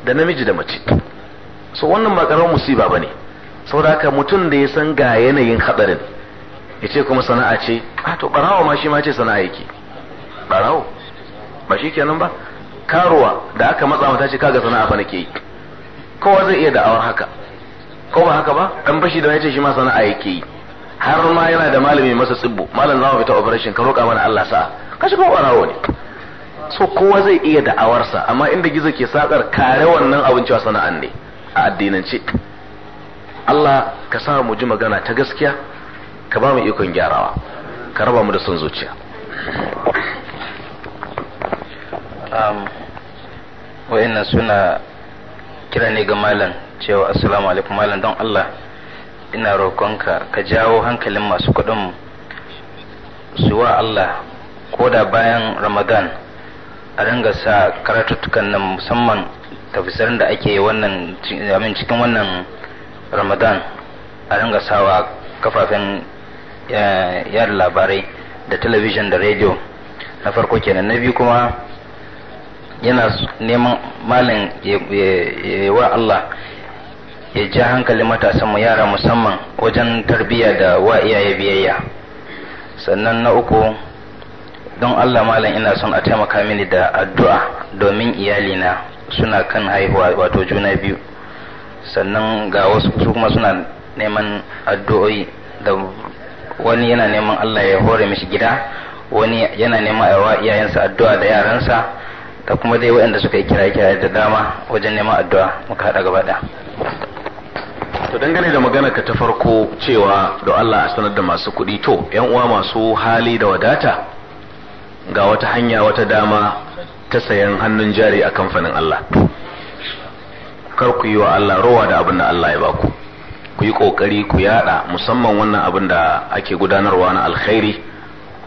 da namiji da mace so wannan ba ƙarar musiba ba ne saboda haka mutum da ya san ga yanayin haɗarin ya ce kuma sana'a ce a ah, to ɓarawa ma shi ma ce sana'a yake ɓarawa ba shi kenan ba karuwa da aka matsa mata ce kaga sana'a na ke yi kowa zai iya da'awar haka ko ba haka ba an bashi da yace shi ma sana'a yake yi har ma yana da malami masa tsibbo malam zama fita operation ka roƙa mana Allah sa'a kashi ko barawo ne so kowa zai iya da'awarsa amma inda gizo ke sakar kare wannan abin cewa sana'an ne a addinance Allah ka sa mu ji magana ta gaskiya ka ba mu ikon gyarawa ka raba mu da son zuciya um, suna kira ne ga malam cewa assalamu alaikum malam don Allah ina roƙonka ka jawo hankalin masu kuɗin su Allah ko da bayan Ramadan a ringa sa karatuttukan nan musamman tafisarin da ake wannan cikin wannan Ramadan a ringa sawa kafafen eh, yada labarai da talabijin da rediyo na farko kenan na biyu kuma yana neman malin wa Allah ya ji hankali matasan mu yara musamman wajen tarbiyya da wa iyaye biyayya sannan na uku don Allah malam ina son a taimaka mini da addu'a domin iyalina suna kan haihuwa wato juna biyu sannan ga wasu su kuma suna neman addu'o'i da wani yana neman Allah ya hore mishi gida wani yana neman a iyayensa addu'a da yaransa da kuma dai waɗanda suka yi kira kira da dama wajen neman addu'a muka haɗa gaba da to dangane da magana ka ta farko cewa da Allah a sanar da masu kuɗi to yan uwa masu hali da wadata ga wata hanya wata dama ta sayan hannun jari a kamfanin Allah kar ku yi wa Allah rowa da abin da Allah ya baku ku yi kokari ku yada musamman wannan abin da ake gudanarwa na alkhairi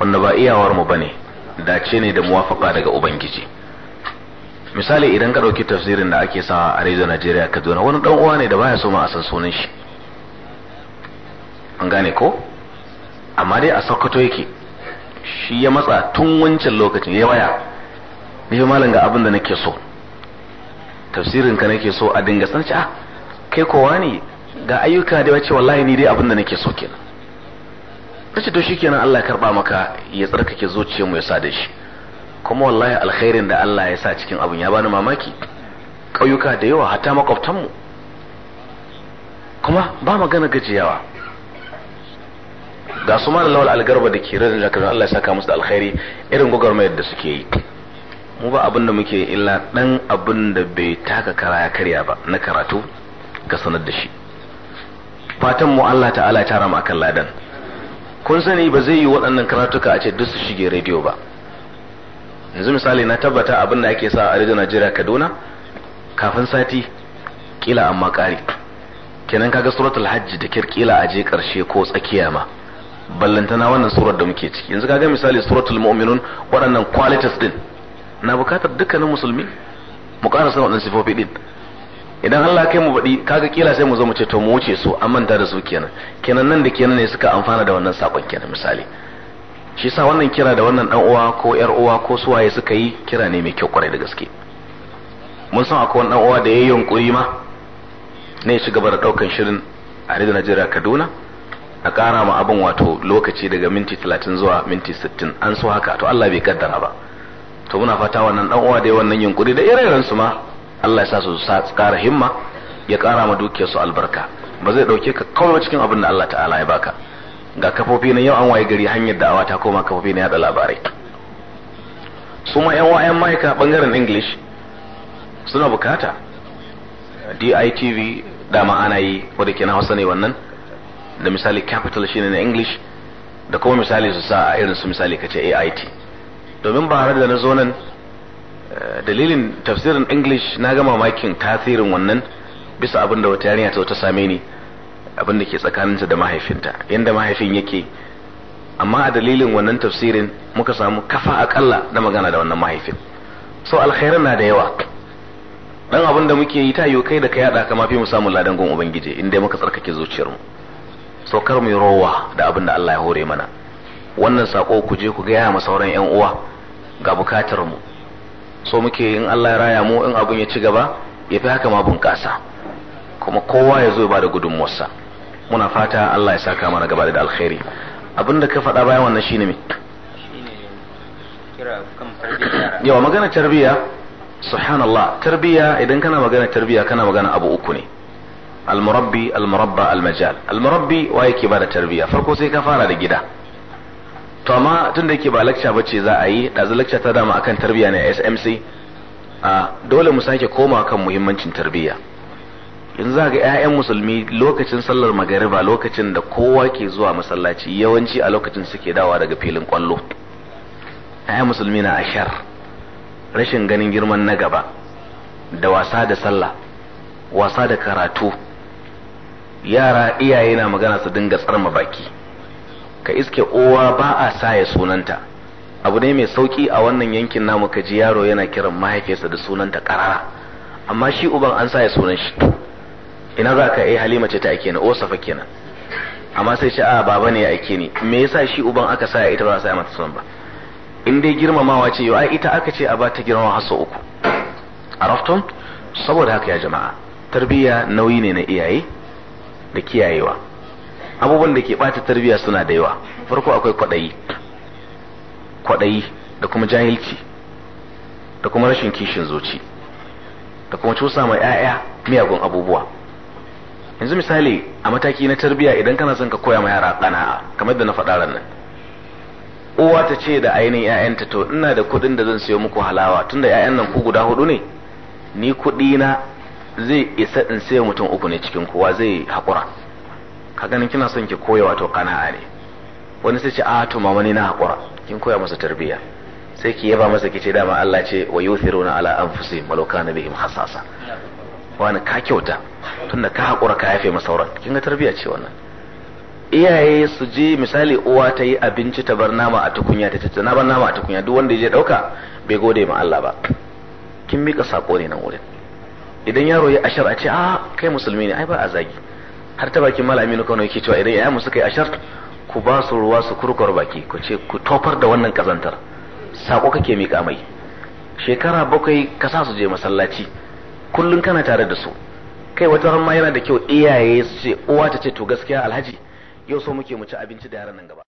wanda ba iyawar mu bane dace ne da muwafaka daga ubangiji misali idan ka ɗauki tafsirin da ake sawa a rediyo Najeriya Kaduna wani dan uwa ne da baya so ma a san sunan shi an gane ko amma dai a Sokoto yake shi ya matsa tun wancan lokacin ya waya ni fa malam ga abin da nake so tafsirin ka nake so a dinga san ah kai kowa ne ga ayyuka da wace wallahi ni dai abin da nake so kenan kace to shikenan Allah ya karba maka ya tsarkake zuciyarmu ya sa da shi kuma wallahi alkhairin da Allah ya sa cikin abun ya bani mamaki ƙauyuka da yawa hatta makwabtanmu kuma ba magana gajiyawa ga su lawal algarba da ke rajin jakarun Allah ya saka musu da alkhairi irin gwagwarmayar da suke yi mu ba abin da muke illa ɗan abin da bai taka kara ya karya ba na karatu ga sanar da shi fatan mu Allah ta'ala ya tara mu akan ladan kun sani ba zai yi waɗannan karatuka a ce duk su shige rediyo ba yanzu misali na tabbata abin da ake sa a rediyo Najeriya Kaduna kafin sati kila amma ƙari kenan kaga suratul hajj da kir a je karshe ko tsakiya ma ballantana wannan surar da muke ciki yanzu kaga misali suratul mu'minun waɗannan qualities din na bukatar dukkanin musulmi mu ƙara sanin waɗannan sifofi din idan Allah kai mu baɗi kaga kila sai mu zo mu ce to mu wuce su an manta da su kenan kenan nan da kenan ne suka amfana da wannan sakon kenan misali shi sa wannan kira da wannan dan uwa ko yar uwa ko suwaye suka yi kira ne mai kyau kwarai da gaske mun san akwai dan uwa da yi yunkuri ma ne ci gaba da ɗaukan shirin a Rida Najeriya Kaduna a ƙara ma abin wato lokaci daga minti talatin zuwa minti sittin an so haka to Allah bai kaddara ba to muna fata wannan dan uwa da ya wannan yunkuri da ire su ma Allah ya sa su ƙara himma ya ƙara ma dukiyar su albarka ba zai ɗauke ka kawai cikin abin da Allah ta'ala ya baka ga kafofi na yau an waye gari hanyar da'awa ta koma kafofi na yada labarai su ma yan wayan ma'aika bangaren english suna bukata ditv dama ana yi wadda ke na hausa ne wannan da misali capital shine na english da kuma misali su sa a irin su misali kace ait domin ba da na zo nan eh, dalilin tafsirin english na ga mamakin tasirin wannan bisa abin da wata yarinya ta ta same ni abin da ke tsakaninta da mahaifinta yadda mahaifin yake amma a dalilin wannan tafsirin muka samu kafa akalla na magana da wannan mahaifin so alkhairan na da yawa dan abin da muke yi ta yi kai da ka yada kama fi mu samun ladan gun ubangiji inda muka tsarkake zuciyar so kar mu rowa da abin da Allah ya hore mana wannan sako ku je ku gaya ma sauran yan uwa ga bukatar mu so muke in Allah ya raya mu in abin ya ci gaba ya fi haka ma bunƙasa kuma kowa ya zo ba da gudunmuwarsa muna fata Allah ya saka mana gaba da alkhairi abinda ka faɗa bayan wannan shine me yawa magana tarbiya subhanallah tarbiya idan kana magana tarbiya kana magana abu uku ne almurabbi almurabba almajal almurabbi wa yake bada tarbiya farko sai ka fara da gida to amma tun da yake ba lecture bace za a yi ɗazu lecture ta dama akan tarbiyya ne a SMC a dole mu sake koma kan muhimmancin tarbiyya. In za ga 'ya'yan musulmi lokacin sallar magariba lokacin da kowa ke zuwa masallaci yawanci a lokacin suke dawa daga filin kwallo 'ya'yan musulmi na ashar rashin ganin girman na gaba da wasa da sallah wasa da karatu yara iyaye na magana su dinga tsarma baki ka iske owa ba a saya sunanta abu ne mai sauki a wannan yankin namu ka ji yaro yana kiran mahaifiyarsa da sunanta karara amma shi uban an saya sunan shi ina za ka yi eh, halima ce ta ake na osafa kenan amma sai shi a ah, baba ne ya aike ni me yasa shi uban aka sa ita ba za sa mata sunan ba in dai girmamawa ce yau ai ita aka ce a ba ta girmama har sau uku arafton saboda haka ya jama'a tarbiyya nauyi ne na iyaye da kiyayewa abubuwan da ke bata tarbiyya suna da yawa farko akwai kwaɗayi kwaɗayi da kuma jahilci da kuma rashin kishin zuci da kuma cusa ma 'ya'ya miyagun abubuwa yanzu misali a mataki na tarbiya idan kana son ka koya ma yara kana'a kamar da na faɗa ran nan uwa ta ce da ainihin 'ya'yanta to ina da kuɗin da zan siyo muku halawa tunda 'ya'yan nan ku guda hudu ne ni kuɗi na zai isa in sayo mutum uku ne cikin kowa zai haƙura ka ganin kina son ki koya wato kana'a ne wani sai ce a to mama ni na haƙura kin koya masa tarbiyya sai ki yaba masa ki ce dama Allah ce wa yuthiruna ala anfusihim walau kana bihim hasasa wani ka kyauta tunda ka haƙura ka haife masauran kin ga tarbiya ce wannan iyaye su je misali uwa ta yi abinci ta bar nama a tukunya ta ce na bar nama a tukunya duk wanda ya je ɗauka bai gode ma Allah ba kin mika sako ne nan wurin idan yaro ya ashar a ce a kai musulmi ne ai ba a zagi har ta bakin malami ne Kano yake cewa idan yayan suka yi ashar ku ba su ruwa su kurkur baki ku ce ku tofar da wannan kazantar sako kake mika mai shekara bakwai ka sa su je masallaci kullum kana tare da su kai wata ran ma yana da kyau iyaye su ce uwa ta ce to gaskiya alhaji yau so muke mu ci abinci da yaran nan gaba